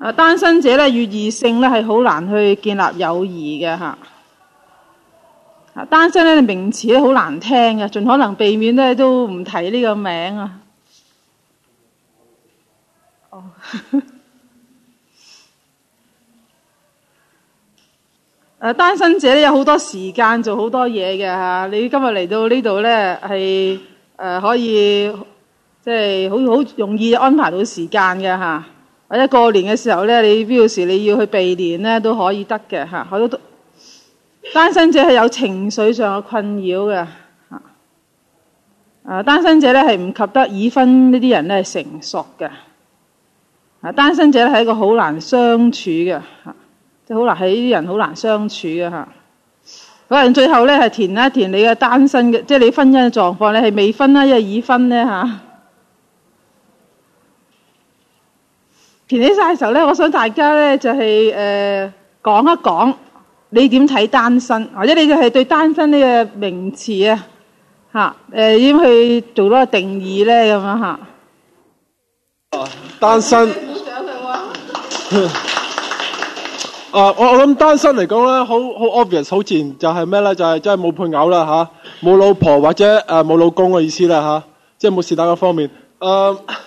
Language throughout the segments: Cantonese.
啊，單身者咧與異性咧係好難去建立友誼嘅嚇。啊，單身咧名詞咧好難聽嘅，盡可能避免咧都唔提呢個名啊。哦呵呵。單身者咧有好多時間做好多嘢嘅嚇。你今日嚟到呢度咧係誒可以即係好好容易安排到時間嘅嚇。或者過年嘅時候呢，你必要時你要去避年呢，都可以得嘅嚇。好多單身者係有情緒上嘅困擾嘅嚇。單身者呢，係唔及得已婚呢啲人呢，成熟嘅。啊，單身者呢，係一個好難相處嘅嚇，即係好難喺呢啲人好難相處嘅嚇。可能最後呢，係填一填你嘅單身嘅，即係你婚姻嘅狀況，你係未婚啦，一係已婚呢嚇。前起晒嘅時候咧，我想大家咧就係誒講一講你點睇單身，或者你就係對單身呢個名詞啊吓誒，點、呃、去做多個定義咧咁樣吓、啊。單身。好想佢啊，我我諗單身嚟講咧，好好 obvious，好自然就係咩咧？就係真係冇配偶啦吓，冇、啊、老婆或者誒冇、啊、老公嘅意思啦吓，即係冇是，但、就、嗰、是、方面。啊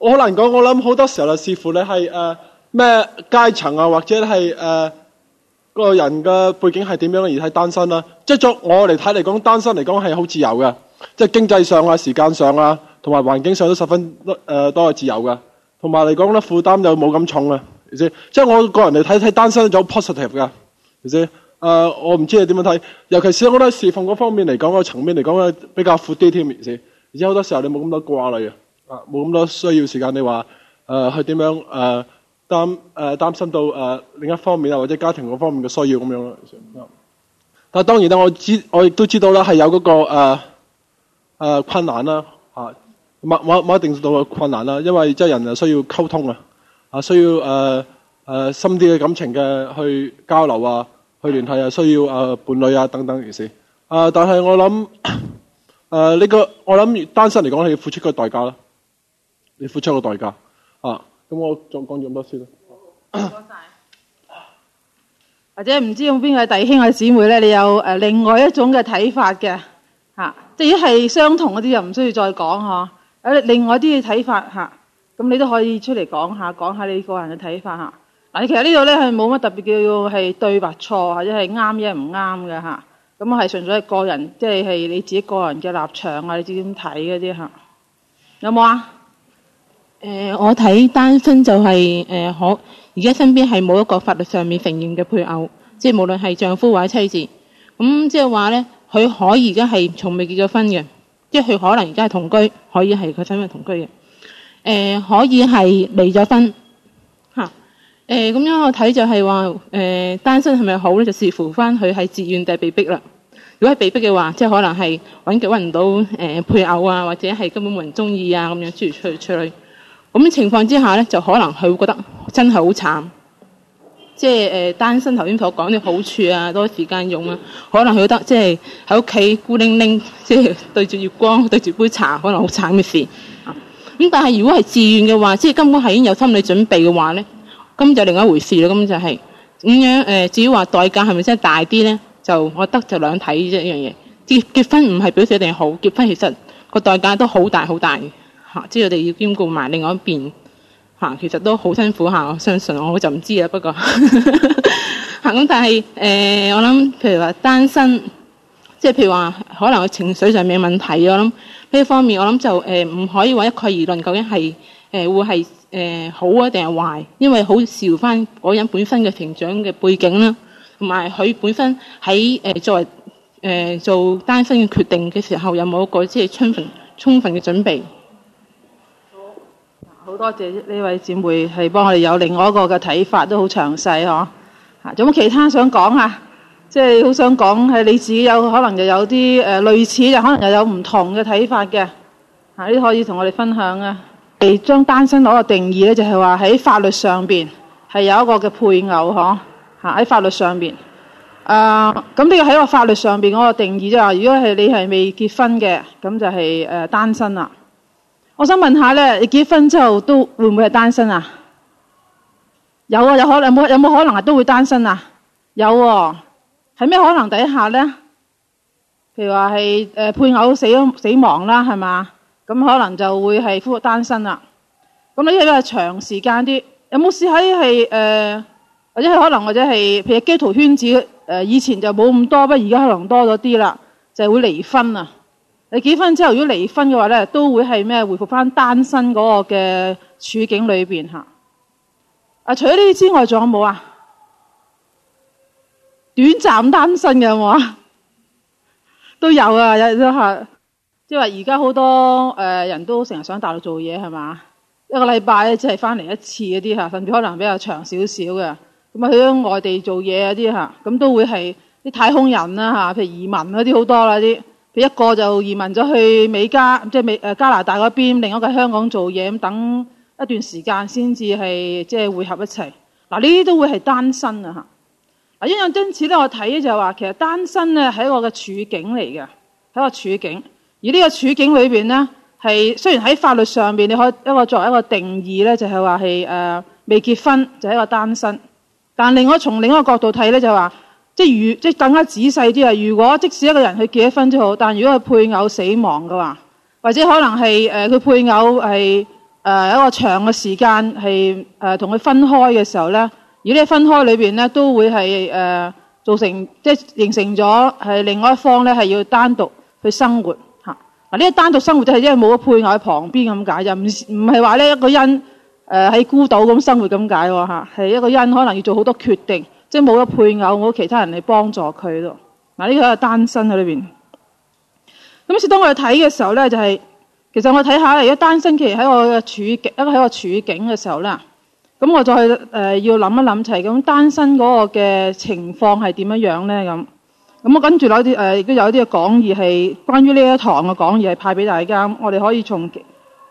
我好難講，我諗好多時候咧，視乎你係誒咩階層啊，或者係誒、呃、個人嘅背景係點樣而係單身啦、啊。即係作我嚟睇嚟講，單身嚟講係好自由嘅，即係經濟上啊、時間上啊，同埋環境上都十分誒多係、呃、自由噶。同埋嚟講咧，負擔就冇咁重啊。而且，即係我個人嚟睇，睇單身係好 positive 噶。而且，誒、呃，我唔知你點樣睇。尤其是我覺得侍奉方面嚟講個層面嚟講咧，比較闊啲添。而且，而且好多時候你冇咁多掛慮啊。啊！冇咁多需要時間，你話誒、呃、去點樣誒擔誒擔心到誒、呃、另一方面啊，或者家庭嗰方面嘅需要咁樣咯。嗱，但係當然啦，我知我亦都知道啦，係有嗰、嗰個誒、呃呃、困難啦嚇，冇冇冇一定到嘅困難啦。因為即係人需要溝通啊，需要溝通啊，啊需要誒誒深啲嘅感情嘅去交流啊，去聯繫啊，需要誒、呃、伴侶啊等等，其實誒。但係我諗誒呢個我諗單身嚟講係要付出一個代價啦。你付出個代價，啊，咁我講講咗乜先啦？多謝，謝，或者唔知有邊個弟兄嘅姊妹咧？你有誒另外一種嘅睇法嘅，吓、啊，即係一係相同嗰啲又唔需要再講嗬。有、啊、另外一啲嘅睇法吓，咁、啊、你都可以出嚟講下，講下你個人嘅睇法吓。嗱、啊，其實呢度咧係冇乜特別叫係對或錯，或者係啱嘅唔啱嘅吓。咁、啊、我係純粹係個人，即係係你自己個人嘅立場啊，你自己咁睇嗰啲吓？有冇啊？誒、呃，我睇單身就係、是、誒、呃，可而家身邊係冇一個法律上面承認嘅配偶，即係無論係丈夫或者妻子。咁、嗯、即係話咧，佢可以而家係從未結咗婚嘅，即係佢可能而家係同居，可以係佢身邊係同居嘅。誒、呃，可以係離咗婚吓咁、呃、樣我睇就係話誒，單身係咪好咧？就視乎翻佢係自願定係被逼啦。如果係被逼嘅話，即係可能係搵極揾唔到誒、呃、配偶啊，或者係根本冇人中意啊，咁樣先出去出去。咁情況之下咧，就可能佢會覺得真係好慘，即係誒、呃、單身。頭先所講啲好處啊，多時間用啊，可能佢覺得即係喺屋企孤零零，即係對住月光，對住杯茶，可能好慘嘅事。咁、啊、但係如果係自願嘅話，即係根本係已經有心理準備嘅話咧，咁就另外一回事啦，咁就係、是、咁樣誒、呃，至於話代價係咪真係大啲咧？就我覺得就兩睇啫，一樣嘢結結婚唔係表示一定好，結婚其實個代價都好大好大嘅。吓，知道我哋要兼顧埋另外一邊，嚇，其實都好辛苦嚇。我相信，我就唔知啦。不過嚇，咁 但係誒、呃，我諗譬如話單身，即係譬如話可能佢情緒上面問題，我諗呢一方面我諗就誒唔、呃、可以話一概而論，究竟係誒、呃、會係誒、呃、好啊定係壞，因為好視乎翻嗰人本身嘅成長嘅背景啦，同埋佢本身喺誒作為誒、呃、做單身嘅決定嘅時候，有冇一個即係充分充分嘅準備。好多謝呢位姐妹係幫我哋有另外一個嘅睇法，都好詳細嗬。吓、啊，有冇其他想講啊？即係好想講喺你自己有可能又有啲誒、呃、類似，又可能又有唔同嘅睇法嘅吓，呢、啊、可以同我哋分享啊。嚟將單身攞個定義咧，就係話喺法律上邊係有一個嘅配偶嗬吓。喺、啊、法律上邊誒，咁你要喺個法律上邊嗰個定義啫。如果係你係未結婚嘅，咁就係、是、誒、呃、單身啦。我想問下咧，你結婚之後都會唔會係單身啊？有啊，有可能有冇有冇可能係都會單身啊？有喎、啊，喺咩可能底下咧？譬如話係誒配偶死死亡啦，係嘛？咁可能就會係夫單身啦。咁呢個係長時間啲，有冇試喺係誒，或者係可能或者係，譬如基督徒圈子誒、呃，以前就冇咁多，不過而家可能多咗啲啦，就會離婚啊。你結婚之後，如果離婚嘅話呢，都會係咩？回復返單身嗰個嘅處境裏邊。啊、除咗呢啲之外，仲有冇啊？短暫單身嘅有冇啊？都有啊，有都係、即係話而家好多誒、呃、人都成日上大陸做嘢係嘛？一個禮拜只係返嚟一次嗰啲、啊、甚至可能比較長少少嘅。咁啊去咗外地做嘢嗰啲咁都會係啲太空人啦，譬如移民嗰啲好多啦啲。啊，佢一個就移民咗去美加，即係美誒加拿大嗰邊，另一個香港做嘢咁，等一段時間先至係即係匯合一齊。嗱，呢啲都會係單身啊！嚇，嗱，因為因此咧，我睇就係話，其實單身咧係一個嘅處境嚟嘅，係一個處境。而呢個處境裏邊咧，係雖然喺法律上邊，你可以一個作為一個定義咧，就係話係誒未結婚就係一個單身。但另外我從另一個角度睇咧，就話。即係如即係更加仔細啲啊！如果即使一個人去結婚之後，但如果佢配偶死亡嘅話，或者可能係誒佢配偶係誒、呃、一個長嘅時間係誒同佢分開嘅時候咧，而呢分開裏面咧都會係誒、呃、造成即係形成咗係另外一方咧係要單獨去生活嚇嗱呢個單獨生活就係因為冇咗配偶喺旁邊咁解就唔唔係話咧一個人誒喺孤島咁生活咁解喎係一個人可能要做好多決定。即係冇咗配偶，冇其他人嚟幫助佢咯。嗱，呢個係單身喺裏邊。咁所以當我哋睇嘅時候咧，就係、是、其實我睇下，如果單身其實喺我嘅處境，一個喺我處境嘅時候呢，咁我再去誒、呃、要諗一諗，就咁單身嗰個嘅情況係點樣樣咧？咁咁我跟住攞啲誒，亦、呃、都有一啲嘅講義係關於呢一堂嘅講義，係派俾大家，我哋可以從幾，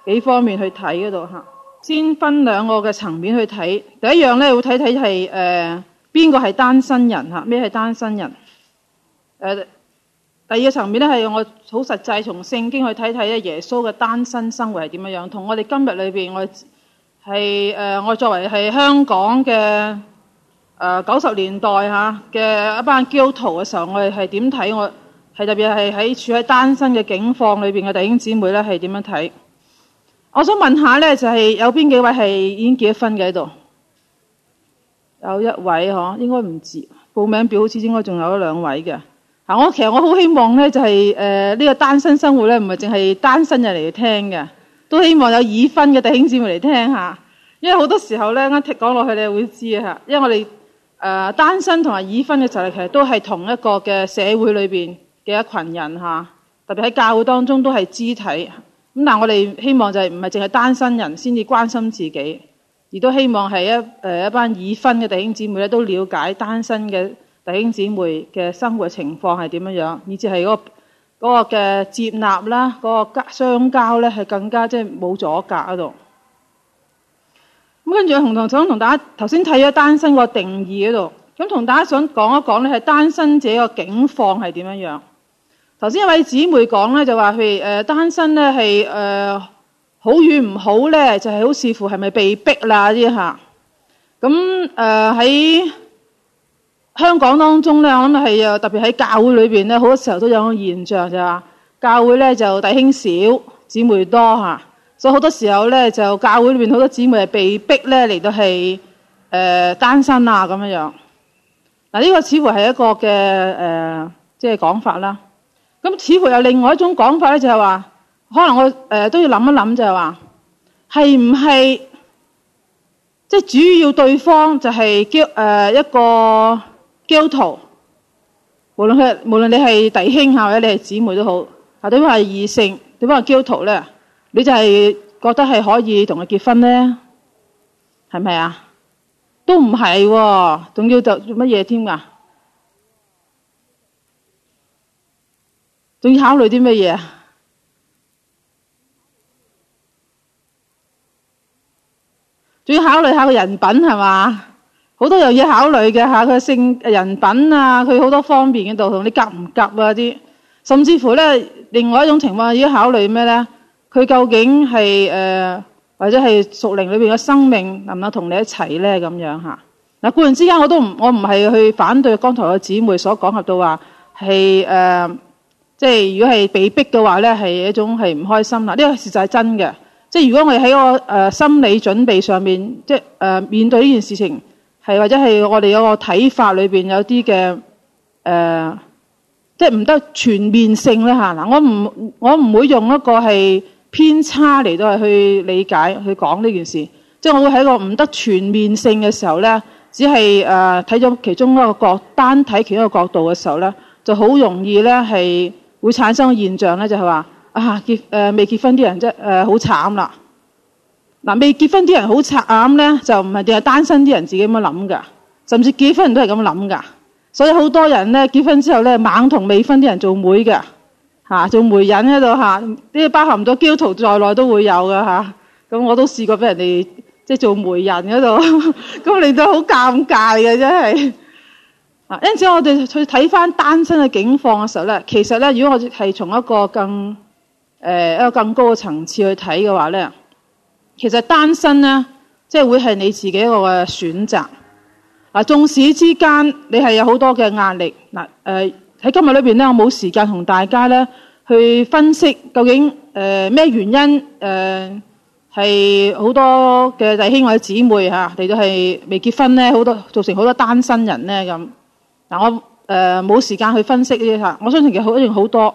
幾方面去睇嗰度吓。先分兩個嘅層面去睇，第一樣咧會睇睇係誒。呃邊個係單身人吓？咩係單身人？誒、呃，第二嘅層面咧係我好實際從聖經去睇睇咧，耶穌嘅單身生活係點樣樣？同我哋今日裏邊我係誒、呃，我作為係香港嘅誒九十年代吓嘅一班基督徒嘅時候，我哋係點睇？我係特別係喺處喺單身嘅境況裏邊嘅弟兄姊妹咧，係點樣睇？我想問一下咧，就係有邊幾位係已經結咗婚嘅喺度？有一位嗬，應該唔知，報名表，好似應該仲有兩位嘅。我其實我好希望咧、就係，就係誒呢個單身生活咧，唔係淨係單身人嚟聽嘅，都希望有已婚嘅弟兄姊妹嚟聽下。因為好多時候咧，啱講落去你會知吓。因為我哋誒、呃、單身同埋已婚嘅時候，其實都係同一個嘅社會裏面嘅一群人吓。特別喺教會當中都係肢體咁，但係我哋希望就係唔係淨係單身人先至關心自己。而都希望係一一班已婚嘅弟兄姊妹咧，都了解單身嘅弟兄姊妹嘅生活情況係點樣，以至係嗰、那個嘅、那個、接納啦，嗰、那個相交咧，係更加即係冇阻隔嗰度。咁跟住紅糖想同大家頭先睇咗單身個定義嗰度，咁同大家想講一講咧，係單身者個境況係點樣樣。頭先一位姊妹講咧就話佢誒單身咧係誒。呃好與唔好呢，就係好似乎係咪被逼啦，啲吓。咁誒喺香港當中呢，我諗係特別喺教會裏邊呢，好多時候都有個現象就話，教會呢就弟兄少，姊妹多吓。所以好多時候呢，就教會裏邊好多姊妹係被逼呢嚟到係誒、呃、單身啊咁樣樣。嗱呢、呢個似乎係一個嘅誒即係講法啦。咁似乎有另外一種講法呢，就係話。可能我誒、呃、都要諗一諗就係話，係唔係即係主要對方就係叫一個基督徒，無論佢無論你係弟兄或者你係姊妹都好，啊，對方係異性，對方係基督徒咧，你就係覺得係可以同佢結婚咧，係咪啊？都唔係喎，仲要就做乜嘢添㗎？仲要考慮啲乜嘢啊？主要考慮下佢人品係嘛？好多又要考慮嘅吓，佢性人品啊，佢好多方面嘅度同你夾唔夾啊啲，甚至乎咧，另外一種情況要考慮咩咧？佢究竟係誒、呃，或者係屬靈裏邊嘅生命，能唔能同你一齊咧？咁樣吓嗱，忽然之間我都唔，我唔係去反對剛才嘅姊妹所講及到話係誒、呃，即係如果係被逼嘅話咧，係一種係唔開心啦。呢、這個事實係真嘅。即係如果我哋喺個、呃、心理準備上面，即係、呃、面對呢件事情，係或者係我哋有個睇法裏面有啲嘅誒，即係唔得全面性呢。嚇嗱，我唔我唔會用一個係偏差嚟到去理解去講呢件事，即係我會喺個唔得全面性嘅時候咧，只係誒睇咗其中一個角，單睇其中一個角度嘅時候咧，就好容易咧係會產生現象咧就係話。啊、結誒、呃、未結婚啲人即誒好慘啦嗱、啊、未結婚啲人好慘咧，就唔係淨係單身啲人自己咁樣諗噶，甚至結婚人都係咁諗噶，所以好多人咧結婚之後咧猛同未婚啲人做媒㗎，吓、啊、做媒人喺度吓，啲包含咗焦徒在內都會有噶吓。咁我都試過俾人哋即係做媒人嗰度，咁令到好尷尬嘅真係啊。因此我哋去睇翻單身嘅境況嘅時候咧，其實咧，如果我係從一個更誒、呃、一個更高嘅層次去睇嘅話咧，其實單身咧，即係會係你自己一個嘅選擇。啊、呃，縱使之間你係有好多嘅壓力嗱，喺、呃、今日裏面咧，我冇時間同大家咧去分析究竟誒咩、呃、原因誒係好多嘅弟兄或者姊妹嚇嚟到係未結婚咧，好多造成好多單身人咧咁。嗱，但我誒冇、呃、時間去分析呢啲、啊、我相信其實好一樣好多。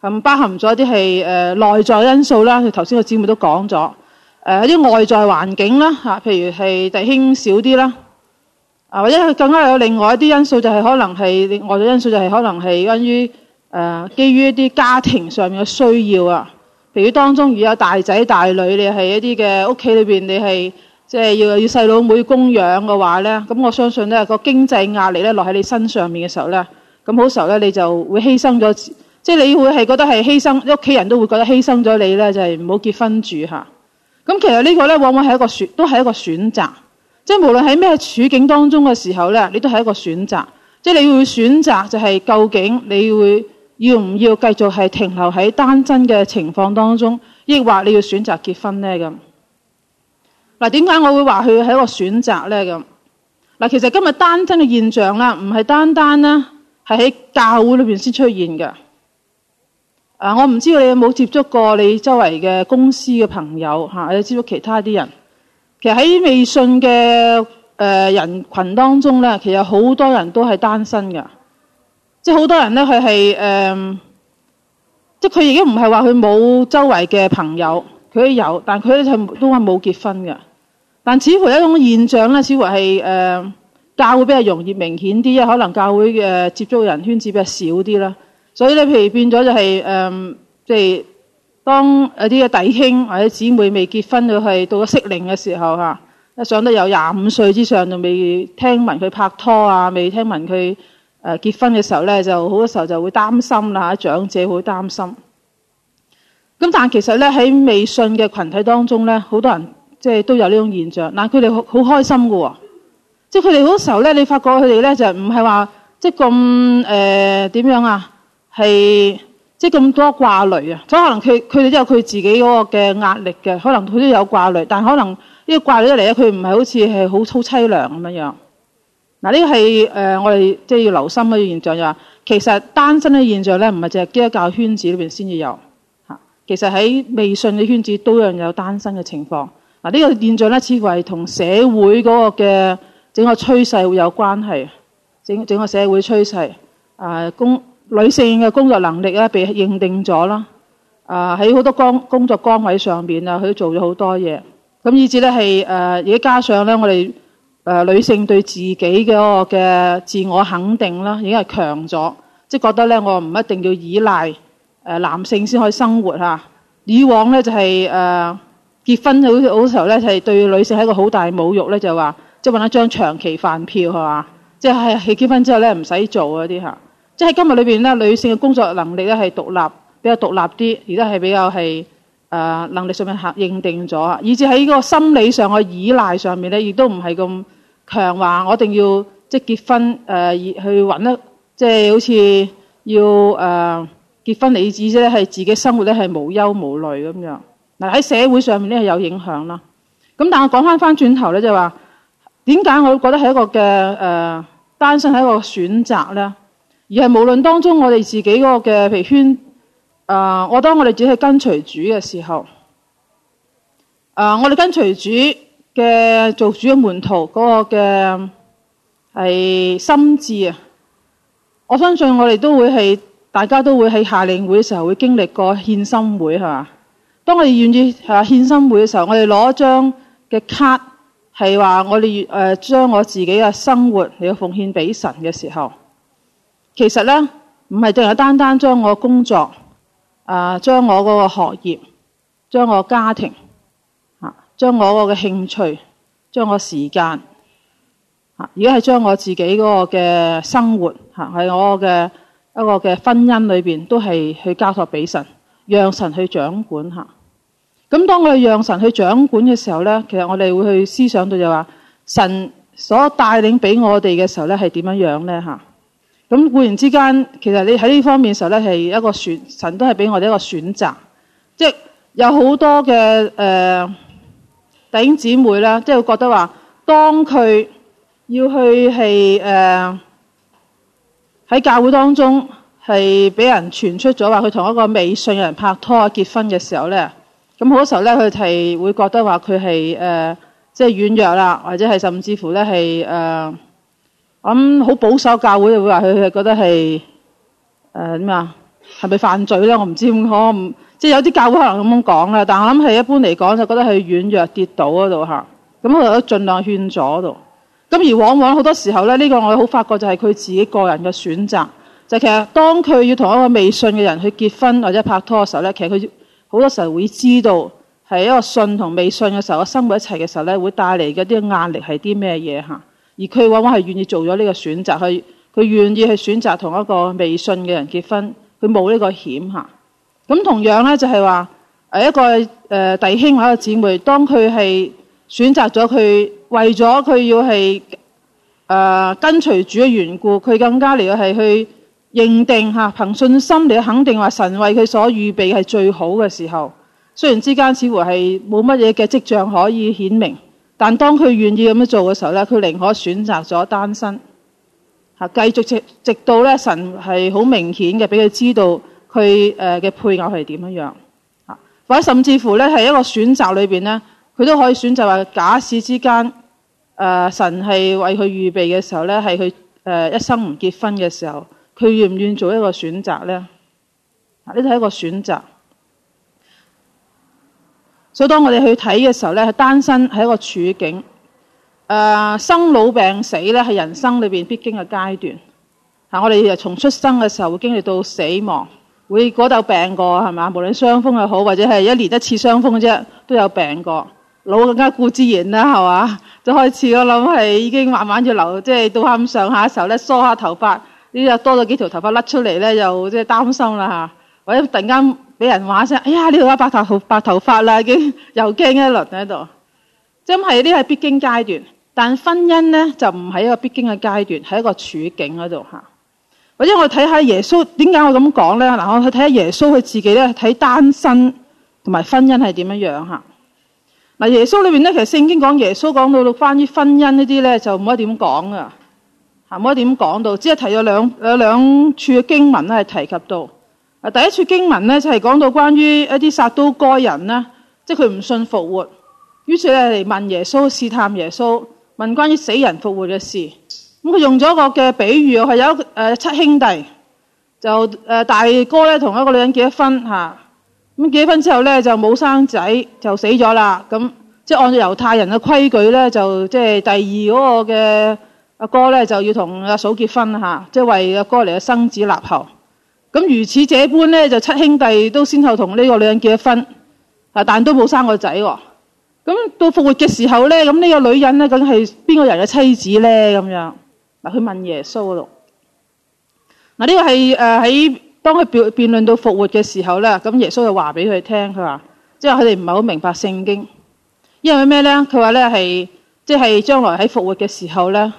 咁包含咗一啲係誒內在因素啦。佢頭先個姊妹都講咗誒一啲外在環境啦、嚇、譬如係弟兄少啲啦，啊，或者更加有另外一啲因素，就係可能係外在因素，就係可能係關於誒基於一啲家庭上面嘅需要啊。譬如當中如果有大仔大女，你係一啲嘅屋企裏邊你，你係即係要要細佬妹供養嘅話咧，咁我相信咧、個經濟壓力咧落喺你身上面嘅時候咧，咁好時候咧你就會犧牲咗。即係你會係覺得係犧牲，屋企人都會覺得犧牲咗你咧，就係唔好結婚住嚇。咁其實呢個咧，往往係一,一個選，都係一個選擇。即係無論喺咩處境當中嘅時候咧，你都係一個選擇。即係你會選擇就係究竟你會要唔要繼續係停留喺單身嘅情況當中，亦或你要選擇結婚咧咁嗱。點解我會話佢係一個選擇咧咁嗱？其實今日單身嘅現象啦，唔係單單啦，係喺教會裏邊先出現嘅。啊！我唔知道你有冇接觸過你周圍嘅公司嘅朋友吓、啊，或者接觸其他啲人。其實喺未信嘅誒、呃、人群當中咧，其實好多人都係單身噶，即係好多人咧佢係誒，即係佢已經唔係話佢冇周圍嘅朋友，佢有，但佢咧都係冇結婚嘅。但似乎一種現象咧，似乎係誒、呃、教會比較容易明顯啲，可能教會嘅接觸人圈子比較少啲啦。所以咧，譬如變咗就係誒，即係當有啲嘅弟兄或者姊妹未結婚，到係到咗適齡嘅時候嚇，上得有廿五歲之上，仲未聽聞佢拍拖啊，未聽聞佢誒結婚嘅時候咧，就好多時候就會擔心啦嚇，長者會擔心。咁但係其實咧喺未信嘅羣體當中咧，好多人即係都有呢種現象，但係佢哋好好開心㗎喎，即係佢哋好多時候咧，你發覺佢哋咧就唔係話即係咁誒點樣啊？係即係咁多掛慮啊！可能佢哋都有佢自己嗰個嘅壓力嘅，可能佢都有掛慮，但係可能呢個掛慮嚟咧，佢唔係好似係好粗淒涼咁樣樣。嗱，呢個係誒我哋即係要留心嘅現象，就話其實單身嘅現象咧，唔係淨係基督教圈子裏邊先至有吓，其實喺微信嘅圈子都一樣有單身嘅情況。嗱，呢個現象咧，似乎係同社會嗰個嘅整個趨勢會有關係，整整個社會趨勢啊、呃、公。女性嘅工作能力咧被認定咗啦，啊喺好多工工作崗位上邊啊，佢都做咗好多嘢。咁以至咧係誒，而、呃、家加上咧，我哋誒女性對自己嘅嗰、那個嘅自我肯定啦，已經係強咗，即係覺得咧，我唔一定要依賴誒男性先可以生活嚇。以往咧就係、是、誒、呃、結婚好好嘅時候咧，係、就是、對女性係一個好大侮辱咧，就話即係揾一張長期飯票係嘛，即係係結婚之後咧唔使做嗰啲嚇。即係今日裏邊咧，女性嘅工作能力咧係獨立比較獨立啲，而都係比較係誒、呃、能力上面嚇認定咗，以至喺個心理上嘅依賴上面咧，亦都唔係咁強。話我一定要即結婚誒，去揾一即係好似要誒結婚，理智啫，係、呃、自己生活咧係無憂無慮咁樣嗱。喺社會上面咧係有影響啦。咁但係我講翻翻轉頭咧，就話點解我覺得係一個嘅誒、呃、單身係一個選擇咧？而係無論當中，我哋自己個嘅譬如圈啊、呃，我當我哋只係跟隨主嘅時候啊、呃，我哋跟隨主嘅做主嘅門徒嗰、那個嘅係心志。啊，我相信我哋都會係大家都會喺夏令會嘅時候會經歷過獻心會係嘛。當我哋願意係話獻心會嘅時候，我哋攞一張嘅卡係話我哋誒將我自己嘅生活嚟到奉獻俾神嘅時候。其實咧，唔係淨係單單將我工作，啊，將我嗰個學業，將我家庭，嚇、啊，將我嗰個嘅興趣，將我時間，嚇、啊，而家係將我自己嗰個嘅生活嚇，喺、啊、我嘅一個嘅婚姻裏邊都係去交託俾神，讓神去掌管嚇。咁、啊、當我哋讓神去掌管嘅時候咧，其實我哋會去思想到就話、是、神所帶領俾我哋嘅時候咧，係點樣樣咧嚇？啊咁固然之間，其實你喺呢方面嘅時候咧，係一個選神都係俾我哋一個選擇，即係有好多嘅誒、呃、弟兄姊妹呢，即係會覺得話，當佢要去係誒喺教會當中係俾人傳出咗話，佢同一個未信嘅人拍拖結婚嘅時候咧，咁好多時候咧，佢係會覺得話佢係誒即係軟弱啦，或者係甚至乎咧係誒。呃咁好保守教會就會話佢，佢覺得係誒點啊？係、呃、咪犯罪咧？我唔知點講，即係有啲教會可能咁講啦。但係我諗係一般嚟講，就覺得係軟弱跌倒嗰度。咁我都盡量勸阻度。咁而往往好多時候咧，呢、這個我好發覺就係佢自己個人嘅選擇。就是、其實當佢要同一個未信嘅人去結婚或者拍拖嘅時候咧，其實佢好多時候會知道係一個信同未信嘅時候，我生活一齊嘅時候咧，會帶嚟嘅啲壓力係啲咩嘢？而佢往往係願意做咗呢個選擇，佢佢願意去選擇同一個未信嘅人結婚，佢冇呢個險嚇。咁同樣咧就係話，一個誒弟兄或者一個姊妹，當佢係選擇咗佢，為咗佢要係誒、呃、跟隨主嘅緣故，佢更加嚟要係去認定吓，憑信心嚟肯定話神為佢所預備係最好嘅時候。雖然之間似乎係冇乜嘢嘅跡象可以顯明。但當佢願意咁樣做嘅時候呢，佢寧可選擇咗單身嚇，繼續直到呢神係好明顯嘅俾佢知道佢嘅配偶係點樣，或者甚至乎呢，係一個選擇裏面呢，佢都可以選擇話，假使之間、呃、神係為佢預備嘅時候呢係佢一生唔結婚嘅時候，佢願唔願做一個選擇呢？呢都係一個選擇。所以當我哋去睇嘅時候咧，單身係一個處境。誒、呃，生老病死咧係人生裏邊必經嘅階段。嚇，我哋從出生嘅時候會經歷到死亡，會嗰度病過係嘛？無論傷風又好，或者係一年一次傷風啫，都有病過。老更加固自然啦，係嘛？就開始我諗係已經慢慢要留，即、就、係、是、到下咁上下嘅時候咧，梳下頭髮，這些了頭髮呢又多咗幾條頭髮甩出嚟咧，又即係擔心啦嚇。或者突然間。俾人話聲，哎呀，呢度有白頭白頭髮啦，已經又驚一輪喺度。真係啲係必經階段，但婚姻咧就唔係一個必經嘅階段，係一個處境喺度吓。或者我睇下耶穌點解我咁講咧？嗱，我去睇下耶穌佢自己咧，睇單身同埋婚姻係點樣樣吓。嗱，耶穌裏邊咧，其實聖經講耶穌講到關於婚姻呢啲咧，就冇一點講噶，冇一點講到，只係提咗兩有兩處經文咧係提及到。第一處經文咧就係，是，講到關於一啲撒都該人呢，即係佢唔信復活，於是咧嚟問耶穌試探耶穌，問關於死人復活嘅事。咁佢用咗個嘅比喻，係有七兄弟，就誒大哥咧同一個女人結咗婚嚇，咁，啊，結咗婚之後咧就冇生仔就死咗啦。咁即係按照猶太人嘅規矩咧，就即係第二嗰個嘅阿哥咧就要同阿嫂結婚，啊，即係為阿哥嚟嘅生子立後。咁如此這般咧，就七兄弟都先後同呢個女人結咗婚，啊，但都冇生個仔喎。咁到復活嘅時候咧，咁、這、呢個女人咧，梗係邊個人嘅妻子咧？咁樣，嗱，佢問耶穌度。嗱、這個，呢個係誒喺當佢辯辯論到復活嘅時候咧，咁耶穌就話俾佢聽，佢話即係佢哋唔係好明白聖經，因為咩咧？佢話咧係即係將來喺復活嘅時候咧，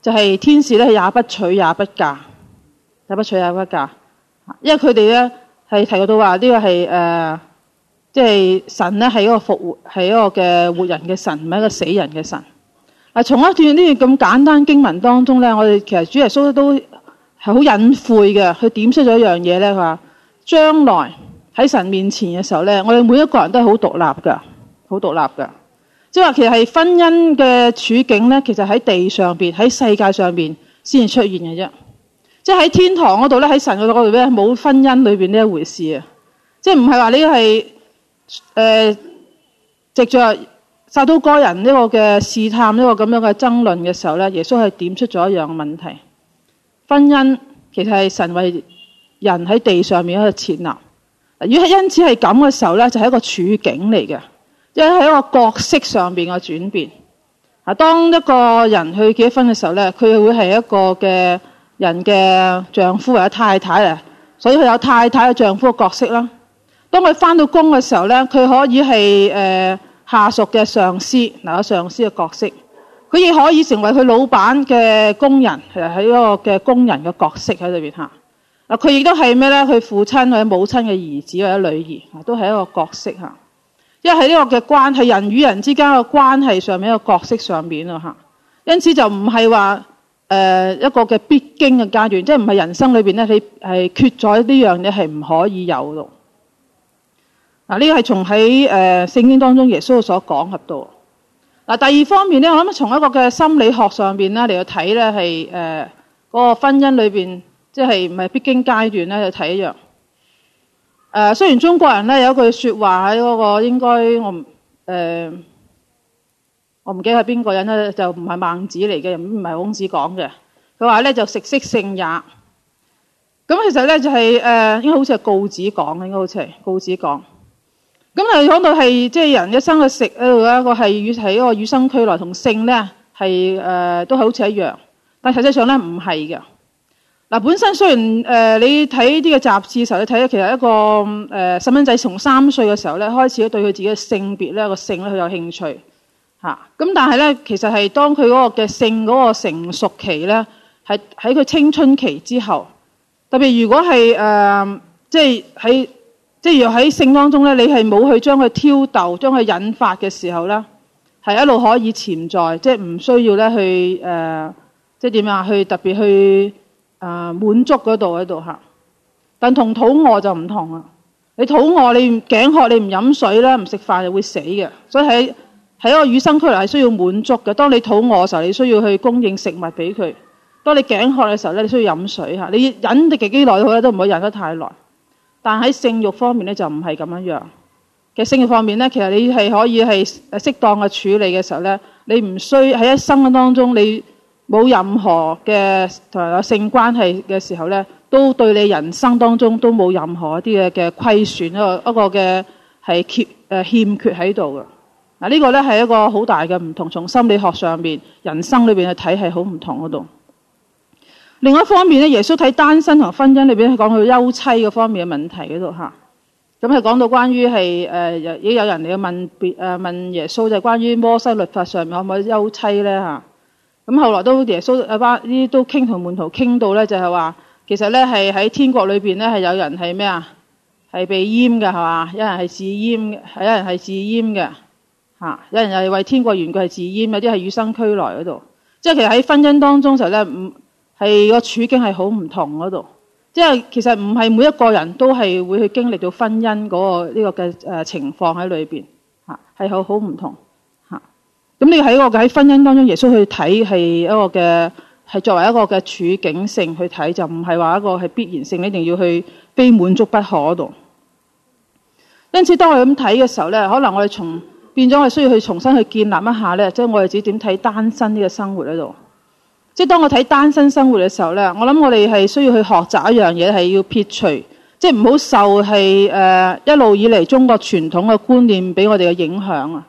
就係、是、天使咧也不娶也不嫁。也不娶，也不嫁，因為佢哋咧係提到到話、這個呃就是、呢個係誒，即係神咧係一個復活，係一個嘅活人嘅神，唔係一個死人嘅神。嗱，從一段呢段咁簡單的經文當中咧，我哋其實主耶穌都係好隱晦嘅，佢點出咗一樣嘢咧。佢話：將來喺神面前嘅時候咧，我哋每一個人都係好獨立嘅，好獨立嘅。即係話其實係婚姻嘅處境咧，其實喺地上邊、喺世界上邊先出現嘅啫。即喺天堂嗰度咧，喺神嗰度咧，冇婚姻裏邊呢一回事啊！即唔係話呢個係誒，藉着受到個人呢個嘅試探呢個咁樣嘅爭論嘅時候咧，耶穌係點出咗一樣問題：婚姻其實係神為人喺地上面一個設立。要係因此係咁嘅時候咧，就係一個處境嚟嘅，因為喺一個角色上邊嘅轉變啊。當一個人去結婚嘅時候咧，佢會係一個嘅。人嘅丈夫或者太太咧，所以佢有太太嘅丈夫嘅角色啦。當佢翻到工嘅時候呢，佢可以係誒下屬嘅上司嗱，有上司嘅角色。佢亦可，可以成為佢老闆嘅工人，係喺一個嘅工人嘅角色喺裏邊吓。佢亦都係咩呢？佢父親或者母親嘅兒子或者女兒都係一個角色吓，因為喺呢個嘅關係，人與人之間嘅關係上面一個角色上面啊吓。因此就唔係話。誒、呃，一個嘅必經嘅階段，即係唔係人生裏邊咧，你係缺咗呢樣嘢係唔可以有咯。嗱、呃，呢個係從喺誒、呃、聖經當中耶穌所講合到。嗱、呃，第二方面咧，我諗從一個嘅心理學上邊咧嚟去睇咧，係誒嗰個婚姻裏邊，即係唔係必經階段咧去睇一樣。誒、呃，雖然中國人咧有一句說話喺嗰、嗰個應該我誒。呃我唔記得係邊個人呢，就唔係孟子嚟嘅，唔係孔子講嘅。佢話咧就食色性也。咁其實咧就係、是、誒、呃，應該好似係告子講應應該好似係告子講。咁啊講到係即係人一生嘅食嗰度一個係與喺嗰個與生俱來同性咧係誒都係好似一樣，但實際上咧唔係嘅。嗱、呃、本身雖然誒、呃、你睇呢啲嘅雜誌時時候，你睇下其實一個誒細蚊仔從三歲嘅時候咧開始咧對佢自己嘅性別咧、嗰個性咧佢有興趣。嚇、嗯！咁但係咧，其實係當佢嗰個嘅性嗰個成熟期咧，係喺佢青春期之後，特別如果係誒、呃，即係喺即係要喺性當中咧，你係冇去將佢挑逗、將佢引發嘅時候咧，係一路可以潛在，即係唔需要咧去誒、呃，即係點啊？去特別去誒滿、呃、足嗰度喺度嚇。但肚餓就不同同肚餓就唔同啦，你肚餓你頸渴你唔飲水咧，唔食飯就會死嘅。所以喺喺一個與生俱來係需要滿足嘅。當你肚餓嘅時候，你需要去供應食物俾佢；當你頸渴嘅時候咧，你需要飲水。你忍住幾幾耐好啦，都唔好忍得太耐。但喺性慾方面咧，就唔係咁樣樣嘅。性慾方面咧，其實你係可以係誒適當嘅處理嘅時候咧，你唔需喺一生當中，你冇任何嘅同埋有性關係嘅時候咧，都對你人生當中都冇任何一啲嘅嘅虧損，一個嘅係欠誒欠缺喺度嘅。嗱，呢個咧係一個好大嘅唔同，從心理學上邊，人生裏邊去睇，係好唔同嗰度。另一方面咧，耶穌睇單身同婚姻裏邊，講佢休妻嗰方面嘅問題嗰度吓，咁係講到關於係誒，亦、呃、有人嚟問別誒問耶穌，就係關於摩西律法上面可唔可以休妻咧吓，咁後來耶穌這些都耶穌阿班呢都傾同門徒傾到咧，就係話其實咧係喺天國裏邊咧係有人係咩啊？係被閹嘅係嘛？有人係自閹嘅，係有人係自閹嘅。嚇、啊！有人係為天國緣故係自閹，有啲係與生俱來嗰度，即係其實喺婚姻當中時候咧，唔係，那個處境係好唔同嗰度，即係其實唔係每一個人都係會去經歷到婚姻嗰，那個呢，這個嘅，呃、情況喺裏面，嚇、啊，係好好唔同咁，啊、你喺個喺婚姻當中，耶穌去睇係一個嘅係作為一個嘅處境性去睇，就唔係話一個係必然性，一定要去非滿足不可嗰度。因此，當我哋咁睇嘅時候咧，可能我哋從變咗我係需要去重新去建立一下呢、就是，即係我哋自己點睇單身呢個生活喺度。即係當我睇單身生活嘅時候呢，我諗我哋係需要去學習一樣嘢，係要撇除，即係唔好受係誒、呃、一路以嚟中國傳統嘅觀念俾我哋嘅影響啊。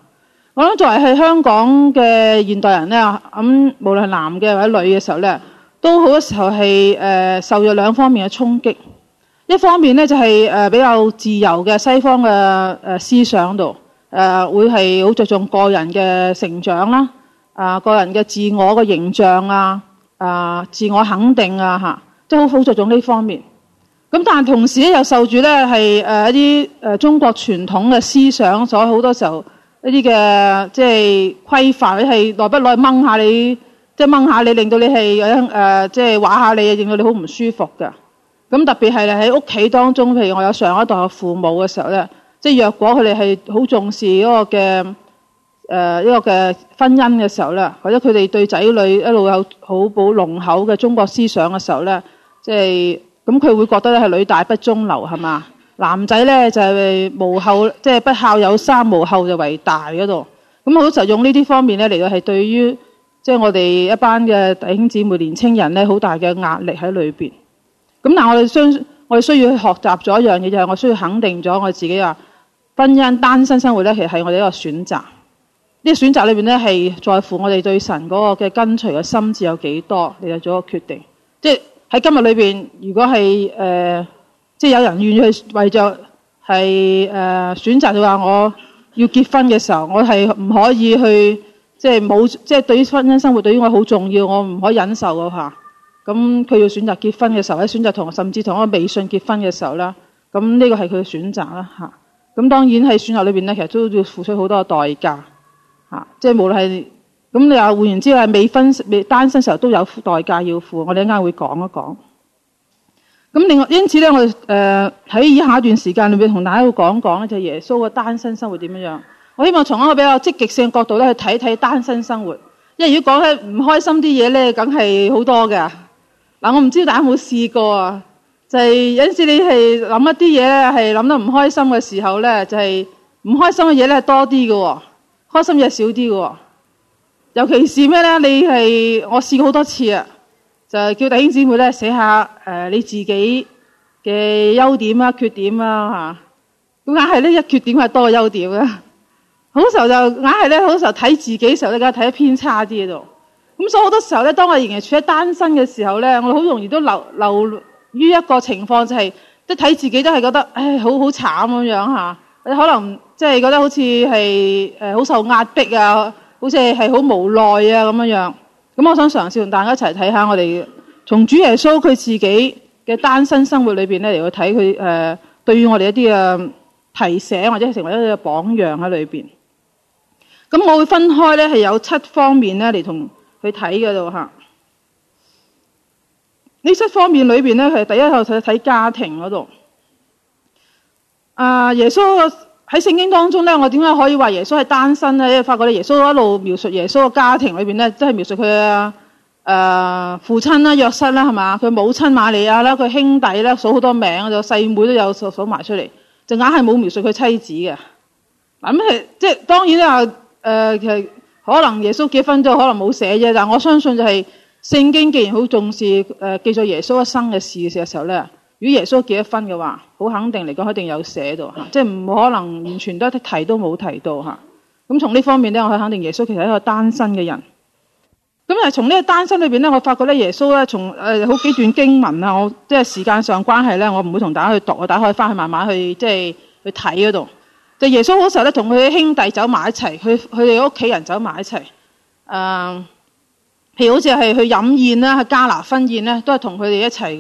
我諗作為係香港嘅現代人呢，咁無論男嘅或者女嘅時候呢，都好多時候係誒受咗、呃、兩方面嘅衝擊。一方面呢，就係、是、誒比較自由嘅西方嘅誒思想度。誒、呃，會係好着重個人嘅成長啦，啊、呃，個人嘅自我嘅形象啊，啊、呃，自我肯定啊，吓，即係好好着重呢方面。咁但同時咧，又受住咧係誒一啲誒中國傳統嘅思想，所以好多時候一啲嘅即係規範你係耐不耐掹下你，即係掹下你，令到你係誒即係話下你，令到你好唔舒服噶。咁、嗯、特別係你喺屋企當中，譬如我有上一代嘅父母嘅時候咧。即係若果佢哋係好重視嗰個嘅誒一個嘅、呃、婚姻嘅時候咧，或者佢哋對仔女一路有好保濃厚嘅中國思想嘅時候咧，即係咁佢會覺得咧係女大不中留係嘛？男仔咧就係、是、無後即係、就是、不孝有三無後就為大嗰度。咁好實用呢啲方面咧，嚟到係對於即係我哋一班嘅弟兄姊妹年青人咧，好大嘅壓力喺裏邊。咁但我哋需我哋需要去學習咗一樣嘢，就係我需要肯定咗我自己啊！婚姻、單身生活咧，其實係我哋一個選擇。呢、這個選擇裏邊咧，係在乎我哋對神嗰個嘅跟隨嘅心智有幾多，你係做個決定。即係喺今日裏邊，如果係誒、呃，即係有人願意去為著係誒選擇嘅、呃、話，我要結婚嘅時候，我係唔可以去即係冇，即、就、係、是就是、對於婚姻生活對於我好重要，我唔可以忍受嘅嚇。咁佢要選擇結婚嘅時候，喺選擇同甚至同一個微信結婚嘅時候啦。咁呢個係佢嘅選擇啦嚇。咁當然喺選擇裏面咧，其實都要付出好多嘅代價，吓！即係無論係咁你話換言之係未分未單身時候都有代價要付，我哋一陣會講一講。咁另外，因此咧，我哋誒喺以下一段時間裏面，同大家會講講講咧，就係耶穌嘅單身生活點樣。我希望從一個比較積極性嘅角度咧去睇睇單身生活，因為如果講起唔開心啲嘢咧，梗係好多㗎。嗱，我唔知大家有冇試過啊？就係、是、有陣時候你，你係諗一啲嘢係諗得唔開心嘅時候咧，就係、是、唔開心嘅嘢咧多啲嘅喎，開心嘢少啲嘅喎。尤其是咩咧？你係我試過好多次啊，就係叫弟兄姊妹咧寫下誒、呃、你自己嘅優點啊、缺點啊嚇。咁硬係呢一缺點係多優點啊好，時好時時點多時候就硬係咧好多時候睇自己嘅時候咧，梗係睇得偏差啲嘅度。咁所以好多時候咧，當我仍然處喺單身嘅時候咧，我好容易都流流，流於一個情況就係，即睇自己都係覺得，唉，好好慘咁樣吓，可能即係覺得好似係，誒，好受壓迫啊，好似係好無奈啊咁樣。咁我想嘗試同大家一齊睇下我哋，從主耶穌佢自己嘅單身生活裏邊咧，嚟去睇佢，誒，對於我哋一啲嘅提醒或者成為一啲嘅榜樣喺裏邊。咁我會分開咧，係有七方面咧，嚟同去睇嘅度吓。呢七方面裏邊咧，係第一就睇睇家庭嗰度。啊，耶穌喺聖經當中咧，我點解可以話耶穌係單身咧？因為發覺咧，耶穌一路描述耶穌個家庭裏邊咧，即係描述佢誒、啊、父親啦、約瑟啦，係嘛，佢母親瑪利亞啦，佢兄弟啦，數好多名嘅，細妹都有數數埋出嚟，就硬係冇描述佢妻子嘅。嗱咁係即係當然呢，誒、啊呃，其實可能耶穌結婚咗，可能冇寫啫，但係我相信就係。聖經既然好重視誒、呃、記載耶穌一生嘅事嘅時候咧，如果耶穌結咗婚嘅話，好肯定嚟講，肯定有寫到嚇，即係唔可能完全都提都冇提到嚇。咁從呢方面咧，我可以肯定耶穌其實係一個單身嘅人。咁啊，從呢個單身裏邊咧，我發覺咧，耶穌咧，從好幾段經文啊，我即係時間上關係咧，我唔會同大家去讀，我打開返翻去慢慢去即係去睇嗰度。就是、耶穌好時候咧，同佢啲兄弟走埋一齊，佢佢哋屋企人走埋一齊，呃譬如好似係去飲宴啦，去加拿婚宴咧，都係同佢哋一齊嘅。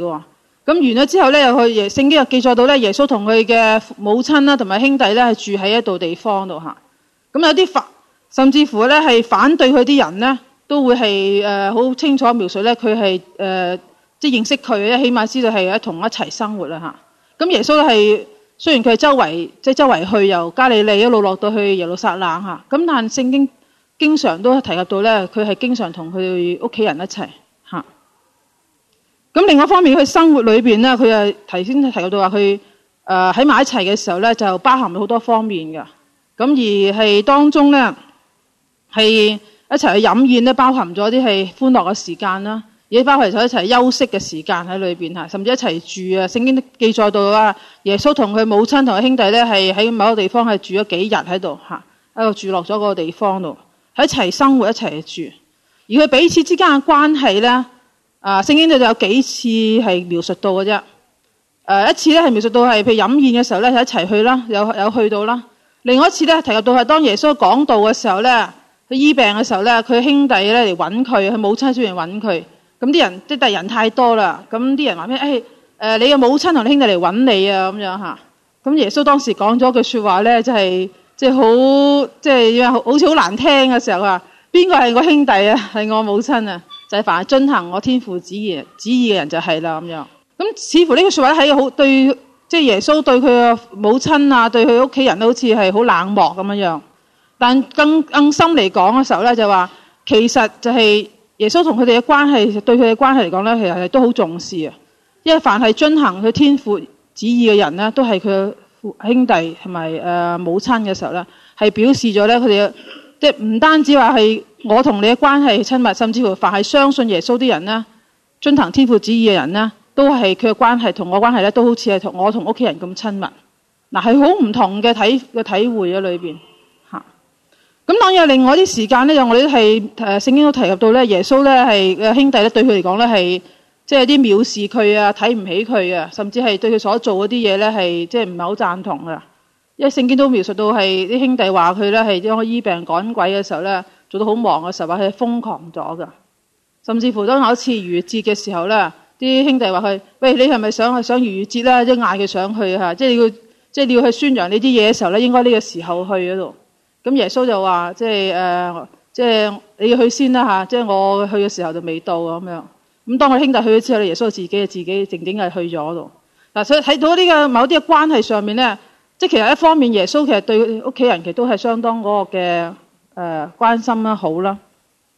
咁完咗之後咧，又去耶聖經又記載到咧，耶穌同佢嘅母親啦，同埋兄弟咧，係住喺一度地方度嚇。咁有啲法，甚至乎咧係反對佢啲人咧，都會係誒好清楚描述咧，佢係誒即係認識佢，起碼一起碼知道係喺同一齊生活啦嚇。咁耶穌呢，係雖然佢係周圍即係周圍去由加利利一路落到去耶路撒冷嚇，咁但係聖經常都提及到咧，佢係經常同佢屋企人一齊嚇。咁另外一方面，佢生活裏面咧，佢係提前提及到話，佢誒喺埋一齊嘅時候咧，就包含咗好多方面嘅。咁而係當中咧係一齊去飲宴咧，包含咗啲係歡樂嘅時間啦，而且包括咗一齊休息嘅時間喺裏面，甚至一齊住啊。聖經記載到啊，耶穌同佢母親同佢兄弟咧係喺某個地方係住咗幾日喺度嚇，喺度住落咗個地方度。喺一齊生活，一齊住，而佢彼此之間嘅關係呢，啊，聖經就有幾次係描述到嘅啫。誒、呃，一次呢係描述到係譬如飲宴嘅時候呢，就一齊去啦，有有去到啦。另外一次呢，提及到係當耶穌講道嘅時候呢，佢醫病嘅時候呢，佢兄弟呢嚟揾佢，佢母親雖然揾佢，咁啲人即係人太多啦，咁啲人話咩？誒，誒，你嘅母親同你兄弟嚟揾你啊，咁樣吓。咁耶穌當時講咗句說話呢，就係、是。即、就、係、是就是、好，即係好似好難聽嘅時候啊，邊個係我兄弟啊？係我母親啊？就係、是、凡係遵行我天父旨意、旨意嘅人就係啦咁樣。咁似乎呢句説話喺好對，即、就、係、是、耶穌對佢嘅母親啊，對佢屋企人都好似係好冷漠咁樣樣。但更更深嚟講嘅時候咧，就話、是、其實就係耶穌同佢哋嘅關係，對佢嘅關係嚟講咧，其實係都好重視啊。因為凡係遵行佢天父旨意嘅人咧，都係佢兄弟同埋誒母親嘅時候咧，係表示咗咧佢哋即係唔單止話係我同你嘅關係親密，甚至乎凡係相信耶穌啲人呢，遵行天父旨意嘅人呢，都係佢嘅關係同我關係咧，都好似係同我同屋企人咁親密。嗱係好唔同嘅體嘅體會喺裏邊嚇。咁當然有另外啲時間咧，有我哋都係誒聖經都提及到咧，耶穌咧係誒兄弟咧對佢嚟講咧係。即係啲藐視佢啊，睇唔起佢啊，甚至係對佢所做嗰啲嘢咧，係即係唔係好贊同㗎。因為聖經都描述到係啲兄弟話佢咧係啲去醫病趕鬼嘅時候咧，做到好忙嘅時候係瘋狂咗噶。甚至乎當有一次逾越節嘅時候咧，啲兄弟話佢：，喂，你係咪想去想逾越節咧？即嗌佢上去嚇，即係要即係你要去宣揚呢啲嘢嘅時候咧，應該呢個時候去嗰度。咁耶穌就話：，即係誒、呃，即係你要去先啦，即係我去嘅時候就未到咁樣。咁當佢兄弟去咗之後咧，耶穌自己自己靜靜係去咗度。嗱，所以睇到呢個某啲嘅關係上面咧，即係其實一方面，耶穌其實對屋企人其實都係相當嗰個嘅誒關心啦，好啦。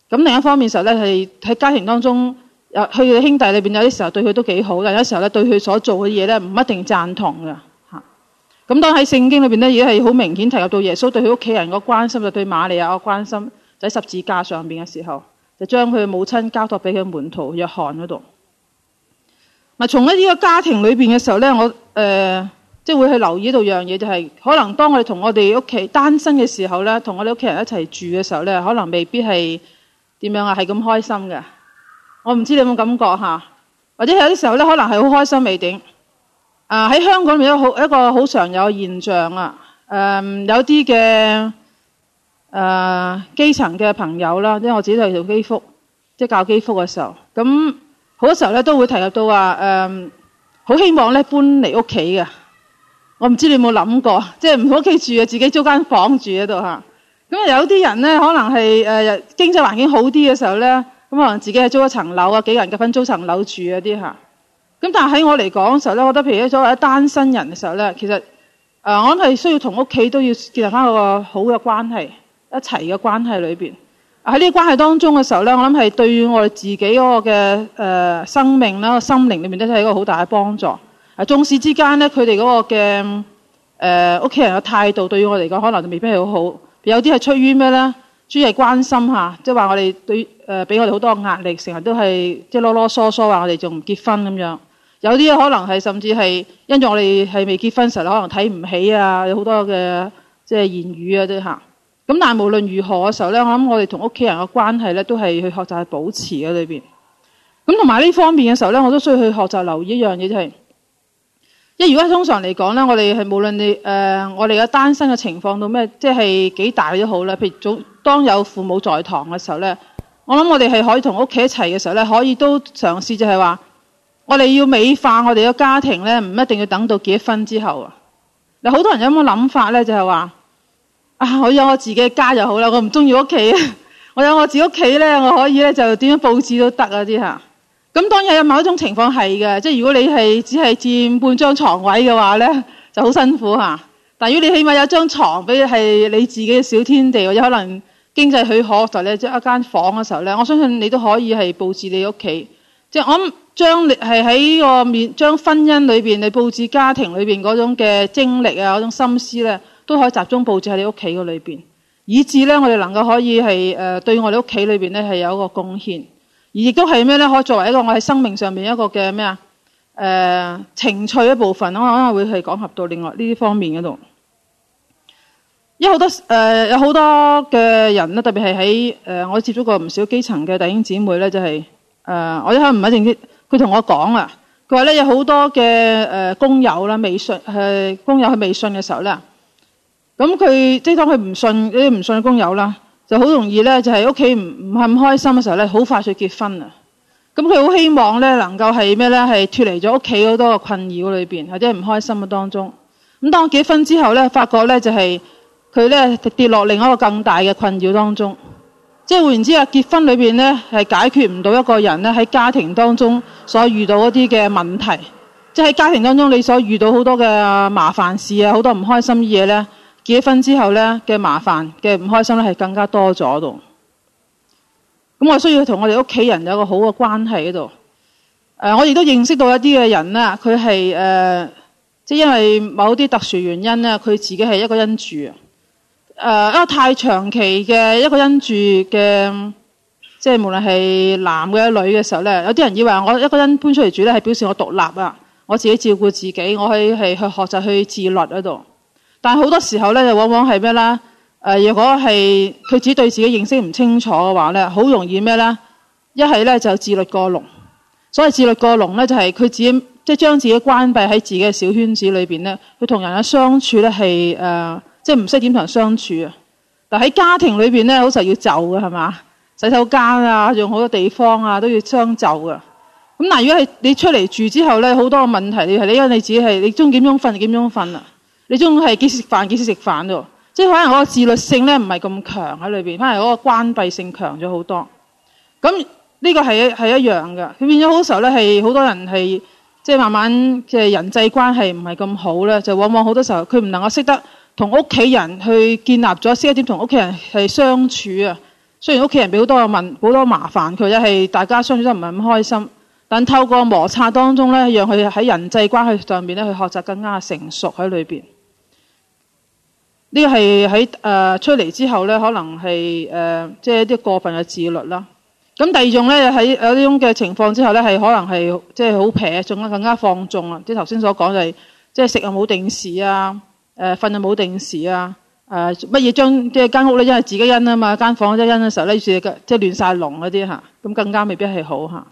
咁另一方面時候咧，係喺家庭當中，又去兄弟裏面，有啲時候對佢都幾好㗎。有時候咧對佢所做嘅嘢咧唔一定贊同㗎。咁當喺聖經裏面咧已經係好明顯提及到耶穌對佢屋企人個關心，就對瑪利亞個關心，喺十字架上面嘅時候。就將佢母親交託俾佢門徒約翰嗰度。嗱，從呢個家庭裏面嘅時候咧，我誒即係會去留意到樣嘢，就係、是、可能當我哋同我哋屋企單身嘅時候咧，同我哋屋企人一齊住嘅時候咧，可能未必係點樣啊，係咁開心嘅。我唔知你有冇感覺吓，或者有啲時候咧，可能係好開心未定。啊、呃，喺香港入面有好一個好常有嘅現象啊。誒、呃，有啲嘅。誒、呃、基層嘅朋友啦，因為我自己都係做基福，即係教基福嘅時候，咁好多時候咧都會提及到話誒，好、呃、希望咧搬嚟屋企嘅。我唔知你有冇諗過，即係唔喺屋企住啊，自己租間房住喺度嚇。咁有啲人咧可能係誒、呃、經濟環境好啲嘅時候咧，咁可能自己係租，租一層樓啊，幾個人夾份租層樓住嗰啲嚇。咁但係喺我嚟講嘅時候咧，我覺得譬如喺所謂單身人嘅時候咧，其實誒、呃、我係需要同屋企都要建立翻個好嘅關係。一齊嘅關係裏面，喺呢個關係當中嘅時候咧，我諗係對於我哋自己嗰個嘅誒、呃、生命啦、心靈裏面都係一個好大嘅幫助。啊，縱使之間咧，佢哋嗰個嘅誒屋企人嘅態度對於我嚟講，可能就未必係好好。有啲係出於咩咧？主要係關心嚇，即係話我哋對誒俾、呃、我哋好多壓力，成日都係即係囉囉嗦嗦話我哋仲唔結婚咁樣。有啲可能係甚至係因為我哋係未結婚時候，可能睇唔起啊，有好多嘅即係言語啊，即係咁但係無論如何嘅時候咧，我諗我哋同屋企人嘅關係咧，都係去學習去保持嘅裏面。咁同埋呢方面嘅時候咧，我都需要去學習留意一樣嘢、就是，就係即係。如果通常嚟講咧，我哋係無論你誒、呃，我哋嘅單身嘅情況到咩，即係幾大都好啦。譬如早當有父母在堂嘅時候咧，我諗我哋係可以同屋企一齊嘅時候咧，可以都嘗試就係話，我哋要美化我哋嘅家庭咧，唔一定要等到結婚之後啊。嗱，好多人有咁嘅諗法咧，就係話。啊！我有我自己嘅家就好啦，我唔中意屋企啊！我有我自己屋企咧，我可以咧就點樣佈置都得啊啲吓。咁當然有某一種情況係嘅，即係如果你係只係佔半張床位嘅話咧，就好辛苦吓，啊。但如果你起碼有張床俾係你自己嘅小天地，或者可能經濟許可時候咧，即係一間房嘅時候咧，我相信你都可以係佈置你屋企。即係我諗將你係喺個面，將婚姻裏邊你佈置家庭裏邊嗰種嘅精力啊，嗰種心思咧。都可以集中佈置喺你屋企嗰裏邊，以致呢，我哋能夠可以係誒、呃、對我哋屋企裏邊呢係有一個貢獻，而亦都係咩呢？可以作為一個我喺生命上面一個嘅咩啊誒情趣一部分，我可能會係講合到另外呢啲方面嗰度。因為好多誒、呃、有好多嘅人呢，特別係喺誒我接觸過唔少基層嘅弟兄姊妹呢，就係、是、誒、呃、我不一刻唔係正佢同我講啊，佢話呢有好多嘅誒、呃、工友啦，微信係、呃、工友喺微信嘅時候呢。咁佢即係當佢唔信嗰啲唔信工友啦，就好容易呢，就係屋企唔唔係唔開心嘅時候呢，好快就結婚啦。咁佢好希望呢，能夠係咩呢？係脫離咗屋企好多嘅困擾裏面，或者唔開心嘅當中。咁當我結婚之後呢，發覺呢，就係、是、佢呢跌落另一個更大嘅困擾當中，即係換言之啊，結婚裏面呢，係解決唔到一個人呢喺家庭當中所遇到一啲嘅問題，即係喺家庭當中你所遇到好多嘅麻煩事啊，好多唔開心嘅嘢呢。結婚之後咧嘅麻煩嘅唔開心咧係更加多咗度，咁我需要同我哋屋企人有一個好嘅關係喺度。誒、呃，我亦都認識到一啲嘅人咧，佢係誒，即、呃、係、就是、因為某啲特殊原因咧，佢自己係一個人住。誒、呃，因為太長期嘅一個人住嘅，即、就、係、是、無論係男嘅女嘅時候咧，有啲人以為我一個人搬出嚟住咧係表示我獨立啊，我自己照顧自己，我去係去學習去自律喺度。但好多時候咧，就往往係咩咧？誒、呃，如果係佢自己對自己認識唔清楚嘅話咧，好容易咩咧？一係咧就自律過龍。所謂自律過龍咧，就係、是、佢自己即係將自己關閉喺自己嘅小圈子裏面咧，佢同人嘅相處咧係誒，即係唔識點同人相處啊。但喺家庭裏面咧，好似要就嘅係嘛？洗手間啊，用好多地方啊，都要相就嘅。咁嗱，如果係你出嚟住之後咧，好多問題，係你因為你自己係你鍾意點鐘瞓就點鐘瞓。你中午係幾時食飯？幾時食飯咯？即係可能我個自律性咧唔係咁強喺裏面，反而我個關閉性強咗好多。咁呢個係係一樣嘅。佢變咗好多時候咧，係好多人係即係慢慢嘅人際關係唔係咁好咧，就往往好多時候佢唔能夠識得同屋企人去建立咗識一點同屋企人係相處啊。雖然屋企人俾好多問好多麻煩佢，一係大家相處得唔係咁開心，但透過摩擦當中咧，讓佢哋喺人際關係上面咧去學習更加成熟喺裏面。呢個係喺誒出嚟之後咧，可能係誒即係一啲過分嘅自律啦。咁第二種咧，喺有呢種嘅情況之後咧，係可能係即係好撇，仲加更加放縱啊！即係頭先所講就係即係食又冇定時啊，誒瞓又冇定時啊，誒乜嘢將即係間屋咧，因為自己因啊嘛，間房都因嘅時候咧，即係亂晒龍嗰啲吓，咁更加未必係好吓。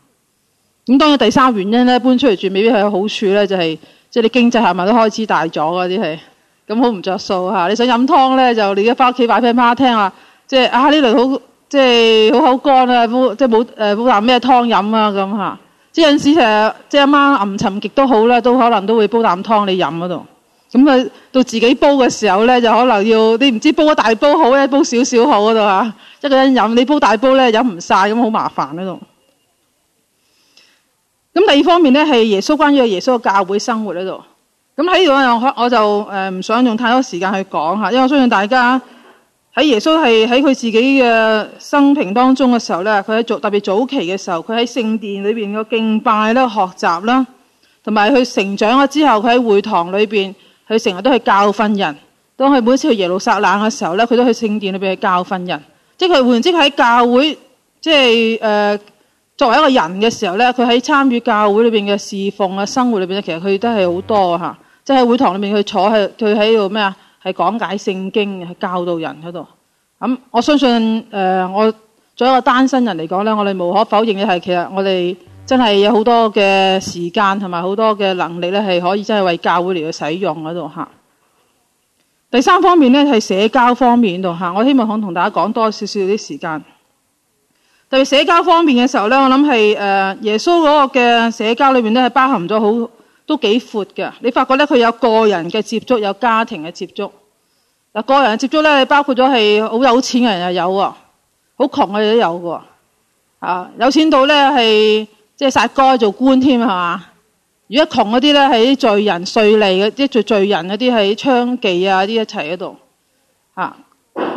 咁當然第三原因咧，搬出嚟住未必係有好處咧，就係即係你經濟係咪都開始大咗嗰啲係？咁好唔着數嚇！你想飲湯咧，就你而家翻屋企擺俾媽聽、就是、啊，即係啊呢度好，即係好口乾啊，即係冇誒煲啖咩湯飲啊咁嚇。即係有時即係阿媽吟沉極都好啦，都可能都會煲啖湯你飲嗰度。咁啊到自己煲嘅時候咧，就可能要你唔知煲一大煲好咧，煲少少好嗰度啊，一個人飲你煲大煲咧飲唔晒，咁好麻煩嗰度。咁第二方面咧係耶穌關於個耶穌嘅教會生活嗰度。咁喺度，我就誒唔想用太多時間去講嚇，因為我相信大家喺耶穌係喺佢自己嘅生平當中嘅時候呢，佢喺特別早期嘅時候，佢喺聖殿裏面嘅敬拜啦、學習啦，同埋佢成長咗之後，佢喺會堂裏面，佢成日都去教訓人。當佢每次去耶路撒冷嘅時候呢，佢都去聖殿裏面去教訓人。即係佢換職喺教會，即係誒、呃、作為一個人嘅時候呢，佢喺參與教會裏面嘅侍奉啊、生活裏面，其實佢都係好多嚇。即係會堂裏面，佢坐喺佢喺度咩啊？係講解聖經，係教導人嗰度。咁、嗯、我相信誒、呃，我作為一個單身人嚟講咧，我哋無可否認嘅係，其實我哋真係有好多嘅時間同埋好多嘅能力咧，係可以真係為教會嚟去使用嗰度。啊，第三方面咧係社交方面度，啊，我希望可以同大家講多少少啲時間。對於社交方面嘅時候咧，我諗係誒耶穌嗰個嘅社交裏面，咧，係包含咗好。都幾闊嘅，你發覺咧佢有個人嘅接觸，有家庭嘅接觸。嗱個人嘅接觸咧，包括咗係好有錢嘅人又有喎，好窮嘅都有喎。啊，有錢到咧係即係殺官做官添係嘛？如果窮嗰啲咧係罪人、稅吏嘅啲罪罪人嗰啲喺娼妓啊啲一齊喺度。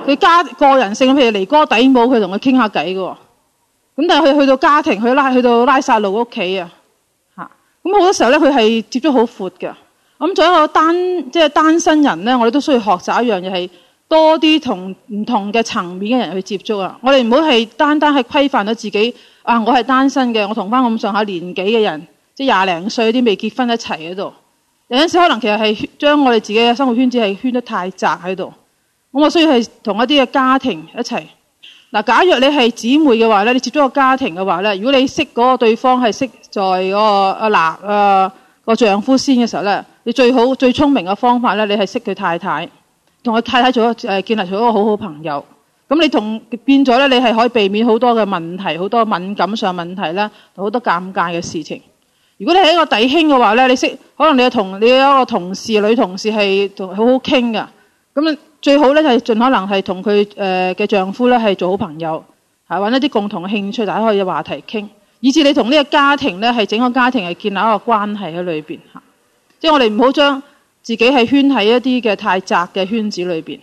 佢家個人性，譬如尼哥底母，佢同佢傾下偈喎。咁但係佢去到家庭，佢拉去到拉撒路屋企啊。咁好多時候咧，佢係接觸好闊嘅。咁作為一個單即係單身人咧，我哋都需要學習一樣嘢係，多啲同唔同嘅層面嘅人去接觸啊。我哋唔好係單單係規範咗自己啊，我係單身嘅，我同翻咁上下年紀嘅人，即係廿零歲啲未結婚一齊喺度。有陣時可能其實係將我哋自己嘅生活圈子係圈得太窄喺度。咁我需要係同一啲嘅家庭一齊，嗱，假若你係姊妹嘅話咧，你接觸個家庭嘅話咧，如果你識嗰個對方係識在、那個啊娜啊個丈夫先嘅時候咧，你最好最聰明嘅方法咧，你係識佢太太，同佢太太做誒、呃、建立咗一個好好朋友。咁你同變咗咧，你係可以避免好多嘅問題，好多敏感上問題啦，好多尷尬嘅事情。如果你係一個弟兄嘅話咧，你識可能你同你有一個同事女同事係同好好傾噶，咁。最好咧，就係盡可能係同佢誒嘅丈夫咧，係做好朋友嚇，搵一啲共同興趣，大家可以話題傾，以至你同呢個家庭咧，係整個家庭係建立一個關係喺裏面。即係、就是、我哋唔好將自己係圈喺一啲嘅太窄嘅圈子裏面。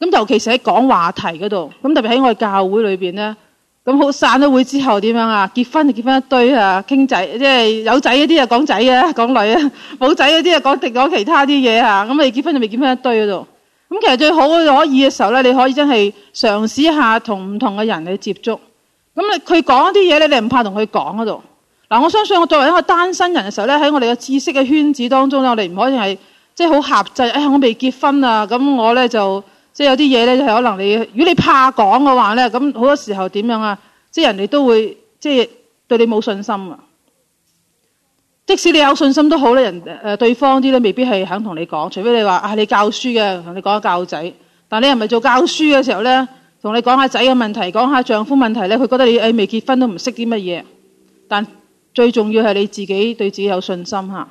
咁尤其是喺講話題嗰度，咁特別喺我哋教會裏面咧，咁好散咗會之後點樣啊？結婚就結婚一堆啊，傾仔即係有仔嗰啲就講仔啊，講女啊，冇仔嗰啲就講講其他啲嘢嚇。咁你結婚就未結婚一堆嗰度。咁其實最好可以嘅時候咧，你可以真係嘗試下同唔同嘅人去接觸。咁你佢講一啲嘢，你唔怕同佢講嗰度。嗱，我相信我作為一個單身人嘅時候咧，喺我哋嘅知識嘅圈子當中咧，我哋唔可以係即係好狹窄。唉、就是哎，我未結婚啊，咁我咧就即係、就是、有啲嘢咧就係可能你，如果你怕講嘅話咧，咁好多時候點樣啊？即、就、係、是、人哋都會即係、就是、對你冇信心啊！即使你有信心都好咧，人誒對方啲咧未必係肯同你講，除非你話啊，你教書嘅同你講教仔，但你係咪做教書嘅時候咧，同你講下仔嘅問題，講下丈夫的問題咧，佢覺得你誒未結婚都唔識啲乜嘢。但最重要係你自己對自己有信心嚇。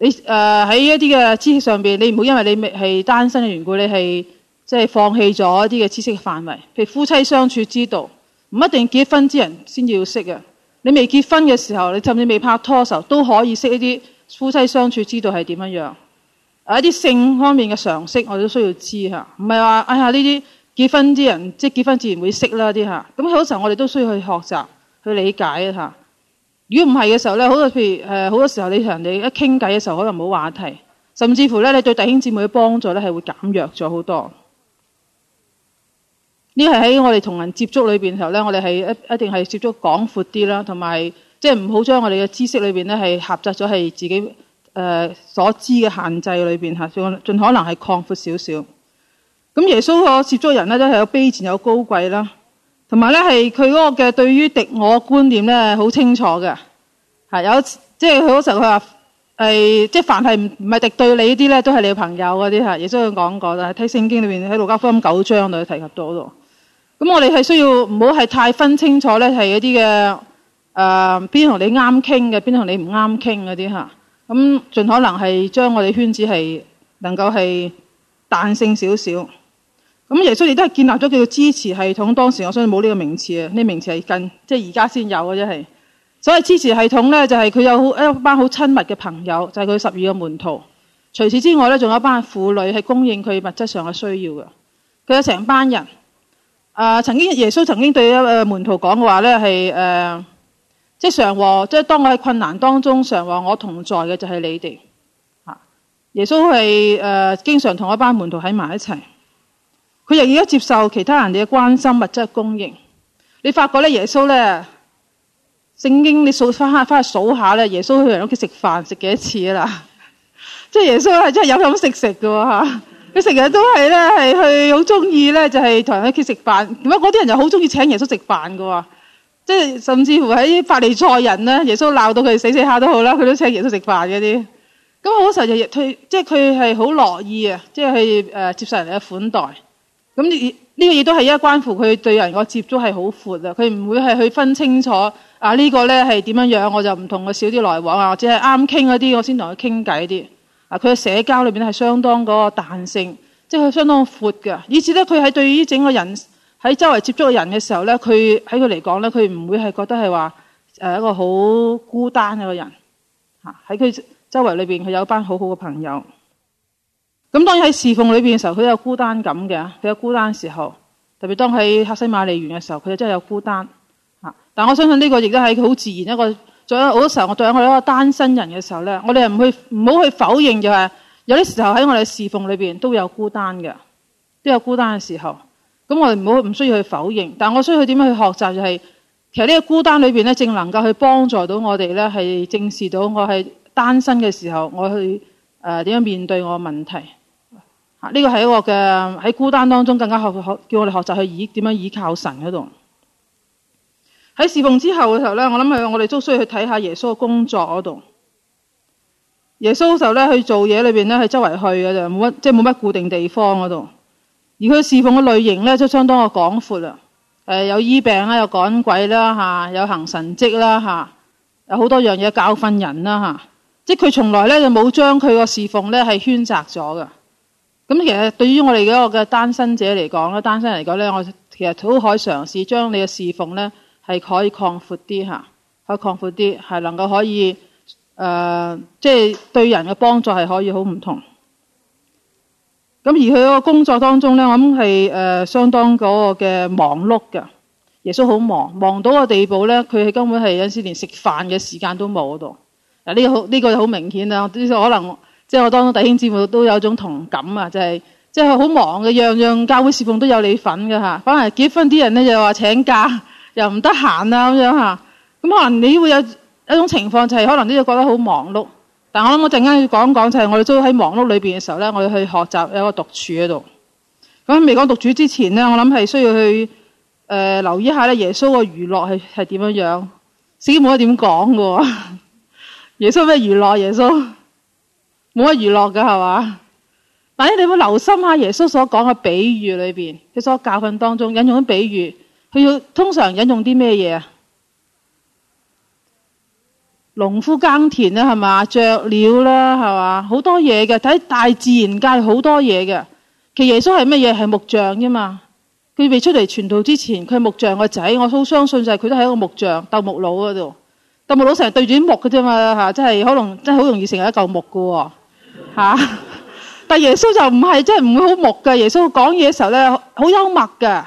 你誒喺、呃、一啲嘅知識上邊，你唔好因為你未係單身嘅緣故，你係即係放棄咗一啲嘅知識嘅範圍，譬如夫妻相處之道，唔一定結婚之人先要識嘅。你未結婚嘅時候，你甚至未拍拖嘅時候，都可以識一啲夫妻相處之道係點樣樣，啊一啲性方面嘅常識我哋都需要知嚇，唔係話哎呀呢啲結婚啲人即係結婚自然會識啦啲嚇，咁好多時候我哋都需要去學習去理解一下。如果唔係嘅時候咧，好多譬如誒好多時候你同人哋一傾偈嘅時候，可能冇話題，甚至乎咧你對弟兄姊妹嘅幫助咧係會減弱咗好多。呢係喺我哋同人接觸裏邊頭咧，我哋係一一定係接觸廣闊啲啦，同埋即係唔好將我哋嘅知識裏邊咧係狹窄咗，係自己誒、呃、所知嘅限制裏邊嚇，盡可能係擴闊少少。咁耶穌個接觸人咧都係有卑賤有高貴啦，同埋咧係佢嗰個嘅對於敵我觀念咧好清楚嘅，係有即係佢嗰時候佢話係即係凡係唔唔係敵對你呢啲咧都係你嘅朋友嗰啲嚇，耶穌佢講過啦，睇聖經裏邊喺路加福音九章度提及到咯。咁我哋係需要唔好係太分清楚呢係一啲嘅誒邊同你啱傾嘅，邊同你唔啱傾嗰啲吓，咁盡可能係將我哋圈子係能夠係彈性少少。咁耶穌亦都係建立咗叫做支持系統。當時我相信冇呢個名詞啊，呢名詞係近即係而家先有嘅，真係。所謂支持系統呢就係、是、佢有一班好親密嘅朋友，就係、是、佢十二個門徒。除此之外呢仲有一班婦女係供應佢物質上嘅需要嘅。佢有成班人。啊，曾經耶穌曾經對一誒門徒講嘅話咧，係誒、呃、即常和，即係當我喺困難當中，常和我同在嘅就係你哋。嚇、啊，耶穌係誒經常同一班門徒喺埋一齊，佢仍然接受其他人哋嘅關心、物質供應。你發覺咧，耶穌咧聖經你數翻翻去數下咧，耶穌去人屋企食飯食幾多次啦？ 即係耶穌係真係飲飲食食嘅喎。佢成日都係咧，係去好中意咧，就係同人喺屋企食飯。點解嗰啲人就好中意請耶穌食飯喎。即係甚至乎喺法利賽人咧，耶穌鬧到佢死死下都好啦，佢都請耶穌食飯嗰啲。咁、嗰、好、個、時候就日佢即係佢係好樂意啊，即係誒接受人哋嘅款待。咁呢呢個亦都係因為關乎佢對人個接觸係好闊啊，佢唔會係去分清楚啊呢、這個咧係點樣樣，我就唔同佢少啲來往啊，或者係啱傾嗰啲我先同佢傾偈啲。啊！佢嘅社交裏面係相當嗰個彈性，即係佢相當闊嘅。以至咧，佢喺對於整個人喺周圍接觸嘅人嘅時候咧，佢喺佢嚟講咧，佢唔會係覺得係話誒一個好孤單嘅人吓。喺佢周圍裏面，佢有一班好好嘅朋友。咁當然喺侍奉裏面嘅時候，佢有孤單感嘅，佢有孤單時候。特別當喺客西馬尼園嘅時候，佢真係有孤單吓。但我相信呢個亦都係佢好自然一個。仲有好多時候，我對我一個單身人嘅時候咧，我哋唔去唔好去否認，就係有啲時候喺我哋侍奉裏邊都有孤單嘅，都有孤單嘅時候。咁我哋唔好唔需要去否認，但我需要點樣去學習、就係？就係其實呢個孤單裏面咧，正能夠去幫助到我哋咧，係正視到我係單身嘅時候，我去誒點、呃、樣面對我問問題。吓！呢個係一個嘅喺孤單當中更加學，學叫我哋學習去以點樣依靠神嗰度。喺侍奉之後嘅時候咧，我諗佢我哋都需要去睇下耶穌嘅工作嗰度。耶穌嘅時候咧去做嘢，裏面咧係周圍去嘅就冇乜即係冇乜固定地方嗰度。而佢侍奉嘅類型咧，都相當嘅廣闊啦。誒，有醫病啦，有趕鬼啦，嚇，有行神蹟啦，嚇，有好多樣嘢教訓人啦，嚇。即係佢從來咧就冇將佢個侍奉咧係圈窄咗㗎。咁其實對於我哋嗰個嘅單身者嚟講咧，單身嚟講咧，我其實都可以嘗試將你嘅侍奉咧。係可以擴闊啲嚇，可以擴闊啲，係能夠可以誒，即、呃、係、就是、對人嘅幫助係可以好唔同。咁而佢嗰個工作當中咧，我諗係、呃、相當嗰個嘅忙碌㗎。耶穌好忙，忙到個地步咧，佢係根本係有時連食飯嘅時間都冇度。嗱、這個，呢、這個呢個好明顯啦。呢個可能即係、就是、我當中弟兄姊妹都有一種同感啊，就係即係好忙嘅，樣樣教會侍奉都有你份嘅嚇。反而結婚啲人咧，又話請假，又唔得閒啦咁樣吓，咁可能你會有一種情況就係、是，可能你就覺得好忙碌。但我諗我陣間要講講就係、是，我哋都喺忙碌裏邊嘅時候咧，我要去學習有個獨處喺度。咁未講獨處之前咧，我諗係需要去誒、呃、留意下咧耶穌個娛樂係係點樣樣。先冇得點講噶，耶穌咩娛樂？耶穌冇乜娛樂噶係嘛？但係你會留心下耶穌所講嘅比喻裏邊，佢所教訓當中引用啲比喻。佢要通常引用啲咩嘢啊？農夫耕田啦，係嘛？雀鳥啦，係嘛？好多嘢嘅，睇大自然界好多嘢嘅。其實耶穌係乜嘢？係木匠啫嘛。佢未出嚟傳道之前，佢係木匠個仔。我好相信就係佢都係一個木匠，鬥木佬嗰度。鬥木佬成日對住啲木嘅啫嘛，吓、啊，即係可能真係好容易成為一嚿木㗎吓，啊、 但耶穌就唔係，即係唔會好木㗎。耶穌講嘢嘅時候咧，好幽默㗎。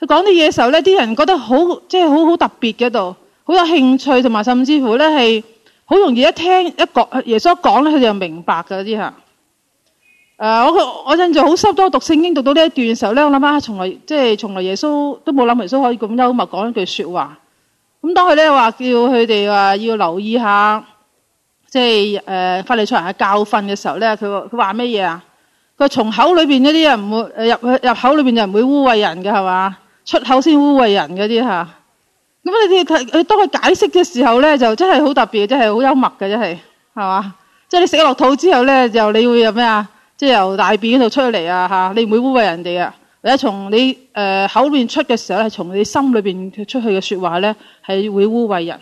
佢講啲嘢嘅時候咧，啲人覺得好即係好好特別嘅度，好有興趣，同埋甚至乎咧係好容易一聽一講耶穌講咧，佢就明白嘅嗰啲嚇。誒，我我印象好深刻，讀聖經讀到呢一段嘅時候咧，我諗翻從來即係從來耶穌都冇諗耶穌可以咁幽默講一句説話。咁當佢咧話叫佢哋話要留意下，即係誒法利賽人嘅教訓嘅時候咧，佢佢話乜嘢啊？佢從口裏邊嗰啲人唔會誒入入口裏邊就唔會污穢人嘅係嘛？出口先污穢人嗰啲吓，咁你睇佢當佢解釋嘅時候咧，就真係好特別，真係好幽默嘅，真係係嘛？即係你食落肚之後咧，就你會有咩啊？即係由大便嗰度出嚟啊吓，你唔會污穢人哋啊！或者從你誒、呃、口面出嘅時候，係從你心裏邊出去嘅説話咧，係會污穢人。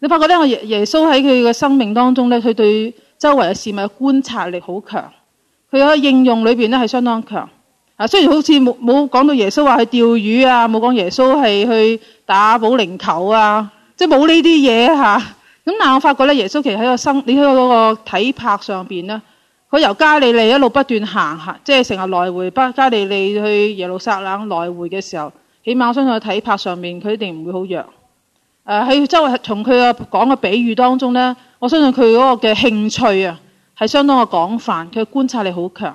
你發覺咧，我耶耶穌喺佢嘅生命當中咧，佢對周圍嘅事物觀察力好強，佢嘅應用裏邊咧係相當強。雖然好似冇冇講到耶穌話去釣魚啊，冇講耶穌係去打保齡球啊，即係冇呢啲嘢吓。咁但我發覺咧，耶穌其實喺個身你喺個體魄上邊咧，佢由加利利一路不斷行行，即係成日來回加利利去耶路撒冷來回嘅時候，起碼我相信佢體魄上面，佢一定唔會好弱。誒，喺周圍從佢個講嘅比喻當中咧，我相信佢嗰個嘅興趣啊，係相當嘅廣泛，佢觀察力好強。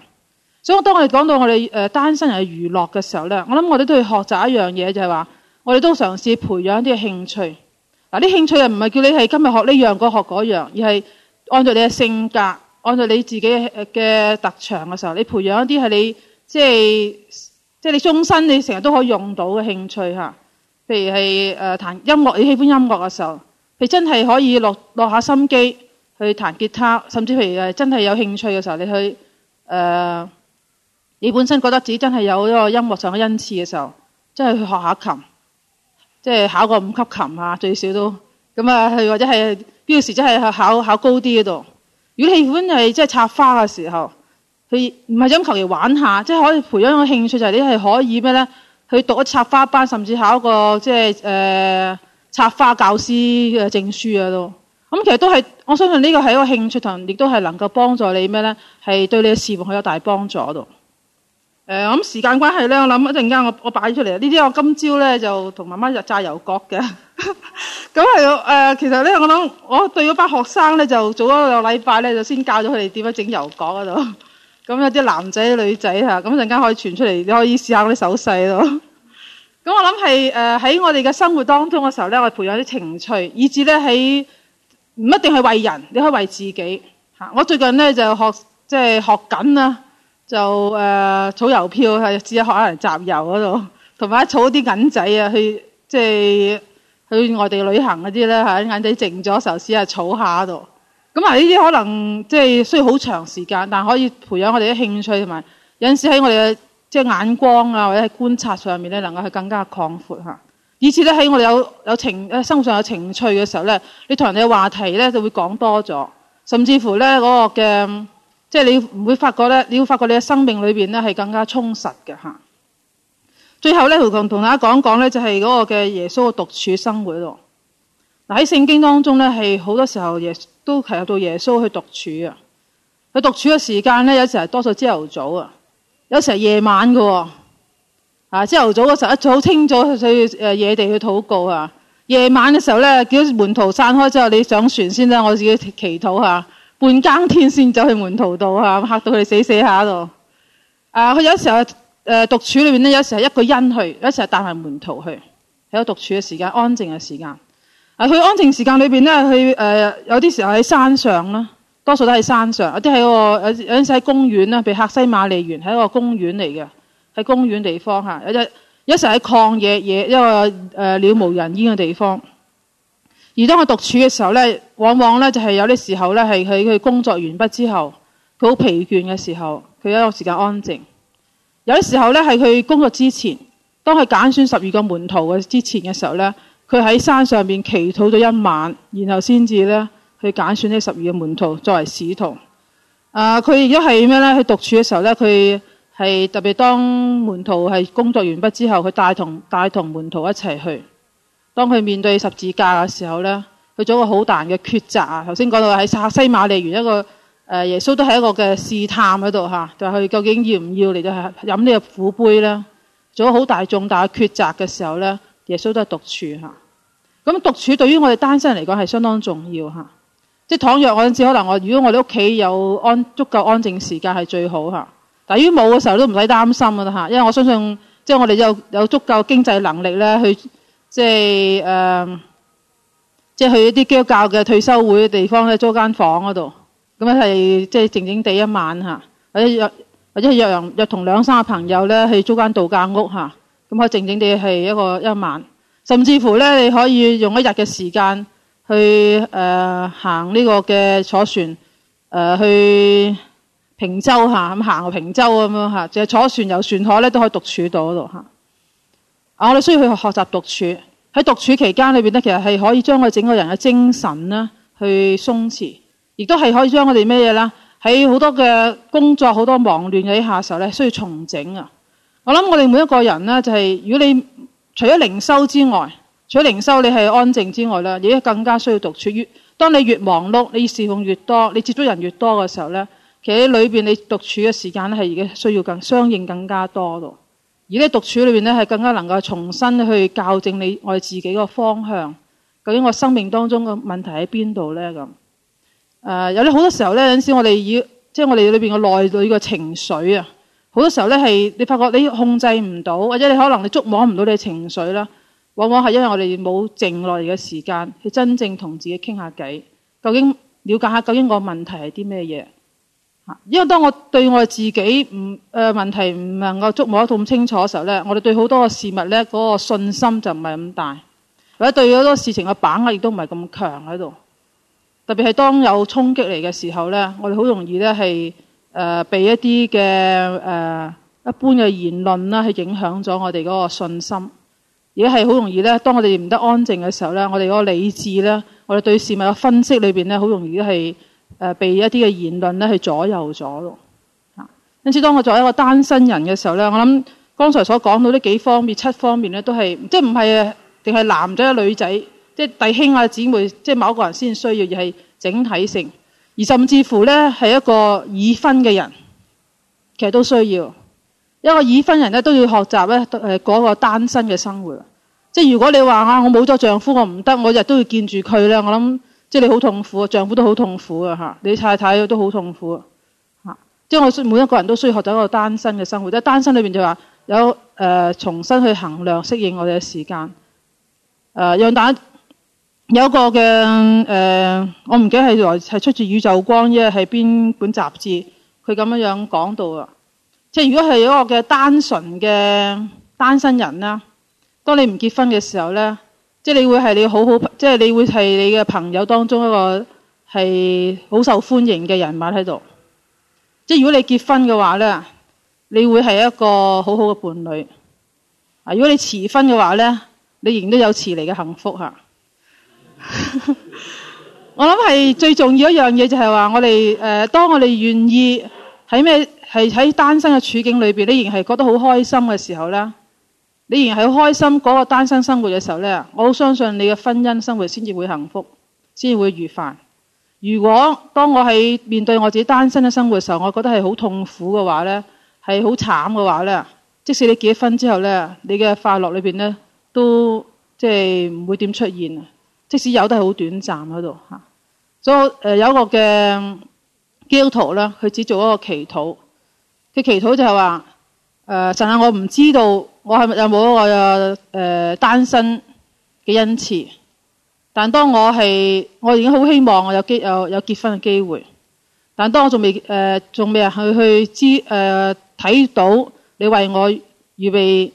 所以當我哋講到我哋誒單身人嘅娛樂嘅時候咧，我諗我哋都要學習一樣嘢，就係話我哋都嘗試培養一啲興趣。嗱、啊，啲興趣又唔係叫你係今日學呢樣，過學嗰樣，而係按照你嘅性格，按照你自己嘅特長嘅時候，你培養一啲係你即係即係你終身你成日都可以用到嘅興趣吓。譬如係誒彈音樂，你喜歡音樂嘅時候，你真係可以落落下心機去彈吉他，甚至譬如誒真係有興趣嘅時候，你去誒。呃你本身覺得自己真係有呢個音樂上嘅恩賜嘅時候，真係去學一下琴，即係考個五級琴啊，最少都咁啊。或者係邊個時真係考考高啲嗰度？如果你喜歡係即係插花嘅時候，佢唔係想求其玩一下，即係可以培養個興趣就係你係可以咩咧？去讀一插花班，甚至考一個即係誒插花教師嘅證書啊！都咁其實都係我相信呢個係一個興趣同，亦都係能夠幫助你咩咧？係對你嘅事業好有大幫助到。誒、呃，咁時間關係咧，我諗一陣間我我擺出嚟呢啲我今朝咧就同媽媽入炸油角嘅，咁係誒，其實咧我諗我對咗班學生咧就早咗兩個禮拜咧，就先教咗佢哋點樣整油角嗰度，咁有啲男仔女仔吓，咁陣間可以傳出嚟，你可以試下啲手勢咯。咁、 嗯、我諗係誒喺我哋嘅生活當中嘅時候咧，我培養啲情趣，以至咧喺唔一定係為人，你可以為自己吓。 我最近咧就學即係、就是、學緊啊。就誒儲郵票係只可能集郵嗰度，同埋儲啲銀仔啊，去即係、就是、去外地旅行嗰啲呢，係銀仔剩咗時候先係儲下嗰度。咁啊，呢啲可能即係需要好長時間，但可以培養我哋啲興趣同埋，有陣時喺我哋嘅即係眼光啊，或者係觀察上面咧，能夠去更加擴闊嚇。以前咧喺我哋有有情，喺生活上有情趣嘅時候咧，你同人哋嘅話題咧就會講多咗，甚至乎咧嗰個嘅。即係你唔會發覺咧，你會發覺你嘅生命裏邊咧係更加充實嘅吓。最後咧同同大家講講咧，就係嗰個嘅耶穌嘅獨處生活度。嗱，喺聖經當中咧係好多時候耶都提及到耶穌去獨處嘅。佢獨處嘅時間咧有時係多數朝頭早啊，有時係夜晚嘅。啊，朝頭早嘅時候一早清早去誒野地去禱告啊。夜晚嘅時候咧叫門徒散開之後，你上船先啦，我自己祈禱吓。半更天先走去門徒度嚇，嚇到佢哋死死下度。啊，佢有時候誒獨處裏面，咧，有時候一個人去，有時候帶埋門徒去。喺個獨處嘅時間，安靜嘅時間。啊，佢安靜時間裏面咧，佢誒、呃、有啲時候喺山上啦，多數都喺山上。有啲喺個有有陣時喺公園啦，譬如客西馬利園，喺一個公園嚟嘅，喺公園地方嚇，有隻有陣喺曠野野有一個誒鳥、呃、無人煙嘅地方。而當我獨處嘅時候呢，往往呢，就係有啲時候呢，係佢佢工作完畢之後，佢好疲倦嘅時候，佢有一個時間安靜。有啲時候呢，係佢工作之前，當佢揀選十二個門徒嘅之前嘅時候呢，佢喺山上邊祈禱咗一晚，然後先至呢，去揀選呢十二個門徒作為使徒。啊，佢而家係咩呢？佢獨處嘅時候呢，佢係特別當門徒係工作完畢之後，佢帶同帶同門徒一齊去。當佢面對十字架嘅時候呢，佢做一個好大嘅抉擇啊！頭先講到喺西馬利園一個誒，耶穌都係一個嘅試探喺度嚇，就係究竟要唔要嚟到係飲呢個苦杯呢？做咗好大重大嘅抉擇嘅時候呢，耶穌都係獨處嚇。咁獨處對於我哋單身人嚟講係相當重要嚇，即係倘若我只可能我如果我哋屋企有足夠安足夠安靜時間係最好嚇，但係冇嘅時候都唔使擔心嘅啦嚇，因為我相信即係我哋有有足夠經濟能力呢。去。即係誒、嗯，即係去一啲基督教嘅退休會嘅地方咧，租間房嗰度，咁係即係靜靜地一晚吓，或者約或者約約同兩三個朋友咧去租間度假屋吓，咁可以靜靜地係一個一個晚。甚至乎咧，你可以用一日嘅時間去誒、呃、行呢個嘅坐船誒、呃、去平洲吓，咁行個平洲咁樣吓，就係坐船遊船河咧，都可以獨處到嗰度吓。啊！我哋需要去學習獨處，喺獨處期間裏邊咧，其實係可以將我哋整個人嘅精神咧去鬆弛，亦都係可以將我哋咩嘢呢？喺好多嘅工作、好多忙亂嘅一下嘅時候咧，需要重整啊！我諗我哋每一個人咧，、就是，就係如果你除咗靈修之外，除咗靈修你係安靜之外咧，亦更加需要獨處。越當你越忙碌，你事奉越多，你接觸人越多嘅時候咧，其實裏邊你獨處嘅時間咧係而家需要更相應更加多咯。而咧獨處裏面咧，係更加能夠重新去校正你我自己個方向。究竟我生命當中嘅問題喺邊度呢？咁、呃、有啲好多時候咧，有陣時我哋要，即係我哋裏面嘅內裡嘅情緒啊，好多時候咧係你發覺你控制唔到，或者你可能你捉摸唔到你嘅情緒啦，往往係因為我哋冇靜落嚟嘅時間去真正同自己傾下偈，究竟了解下究竟個問題係啲咩嘢？因為當我對我自己唔誒、呃、問題唔能夠捉摸得咁清楚嘅時候咧，我哋對好多個事物咧嗰、嗰個信心就唔係咁大，或者對好多事情嘅把握亦都唔係咁強喺度。特別係當有衝擊嚟嘅時候咧，我哋好容易咧係誒被一啲嘅誒一般嘅言論啦，係影響咗我哋嗰個信心，而係好容易咧，當我哋唔得安靜嘅時候咧，我哋嗰個理智咧，我哋對事物嘅分析裏邊咧，好容易都係。誒，被一啲嘅言論咧去左右咗咯吓。因此，當我作為一個單身人嘅時候咧，我諗剛才所講到呢幾方面，七方面咧，都係即係唔係定係男仔、女仔，即係弟兄啊、姊妹，即係某個人先需要，而係整體性，而甚至乎咧係一個已婚嘅人，其實都需要。因為已婚人咧都要學習咧誒，嗰個單身嘅生活。即係如果你話啊，我冇咗丈夫，我唔得，我日都要見住佢咧，我諗。即係你好痛苦，啊，丈夫都好痛苦啊！嚇，你太太都好痛苦嚇。即係我需每一個人都需要學習一個單身嘅生活。即係單身裏邊就話有誒、呃、重新去衡量適應我哋嘅時間誒，讓大家有一個嘅誒、呃，我唔記得係來係出自宇宙光，因為係邊本雜誌佢咁樣樣講到啊。即係如果係一個嘅單純嘅單身人啦，當你唔結婚嘅時候咧。即係你會係你好好，即係你會係你嘅朋友當中一個係好受歡迎嘅人物喺度。即係如果你結婚嘅話咧，你會係一個好好嘅伴侶。啊，如果你遲婚嘅話咧，你仍然都有遲嚟嘅幸福。 我諗係最重要一樣嘢就係話，我哋誒當我哋願意喺咩係喺單身嘅處境裏面，你仍然係覺得好開心嘅時候咧。你然係好開心嗰個單身生活嘅時候呢，我好相信你嘅婚姻生活先至會幸福，先至會愉快。如果當我喺面對我自己單身嘅生活嘅時候，我覺得係好痛苦嘅話呢，係好慘嘅話呢，即使你結咗婚之後呢，你嘅快樂裏面呢，都即係唔會點出現啊！即使有都係好短暫嗰度嚇。所以有一個嘅基督徒呢，佢只做一個祈禱，佢祈禱就係話。誒、呃，但係我唔知道我係咪有冇一個誒單身嘅恩賜？但當我係，我已經好希望我有結有有結婚嘅機會。但當我仲未誒仲未去去知誒睇到你為我預備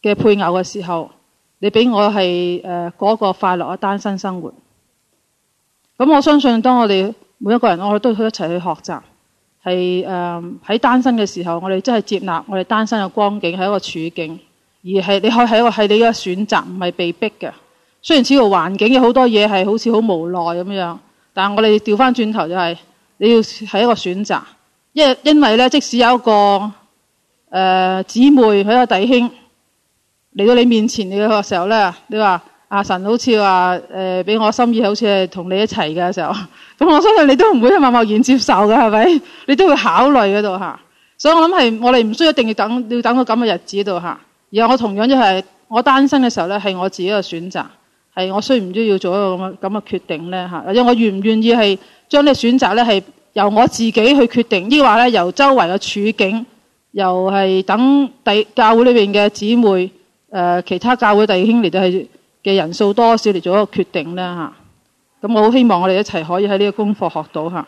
嘅配偶嘅時候，你俾我係誒嗰個快樂嘅單身生活。咁我相信，當我哋每一個人，我哋都去一齊去學習。係誒喺單身嘅時候，我哋真係接納我哋單身嘅光景係一個處境，而係你可係一個係你嘅選擇，唔係被逼嘅。雖然似乎環境有好多嘢係好似好無奈咁樣，但係我哋調翻轉頭就係你要係一個選擇，因因為咧即使有一個誒姊妹或者弟兄嚟到你面前，你個時候咧，你話。阿、啊、神好似話誒，俾、呃、我心意，好似係同你一齊嘅時候，咁我相信你都唔會去默默然接受嘅，係咪？你都會考慮嗰度嚇。所以我諗係我哋唔需要一定要等要等到咁嘅日子度嚇。然、啊、後我同樣就係我單身嘅時候咧，係我自己嘅選擇，係我需唔需要做一個咁嘅咁嘅決定咧嚇，或、啊、者我願唔願意係將呢個選擇咧係由我自己去決定，抑或咧由周圍嘅處境，又係等第教會裏邊嘅姊妹誒、呃、其他教會弟兄嚟到去。嘅人數多少嚟做一個決定咧吓，咁我好希望我哋一齊可以喺呢個功課學到吓。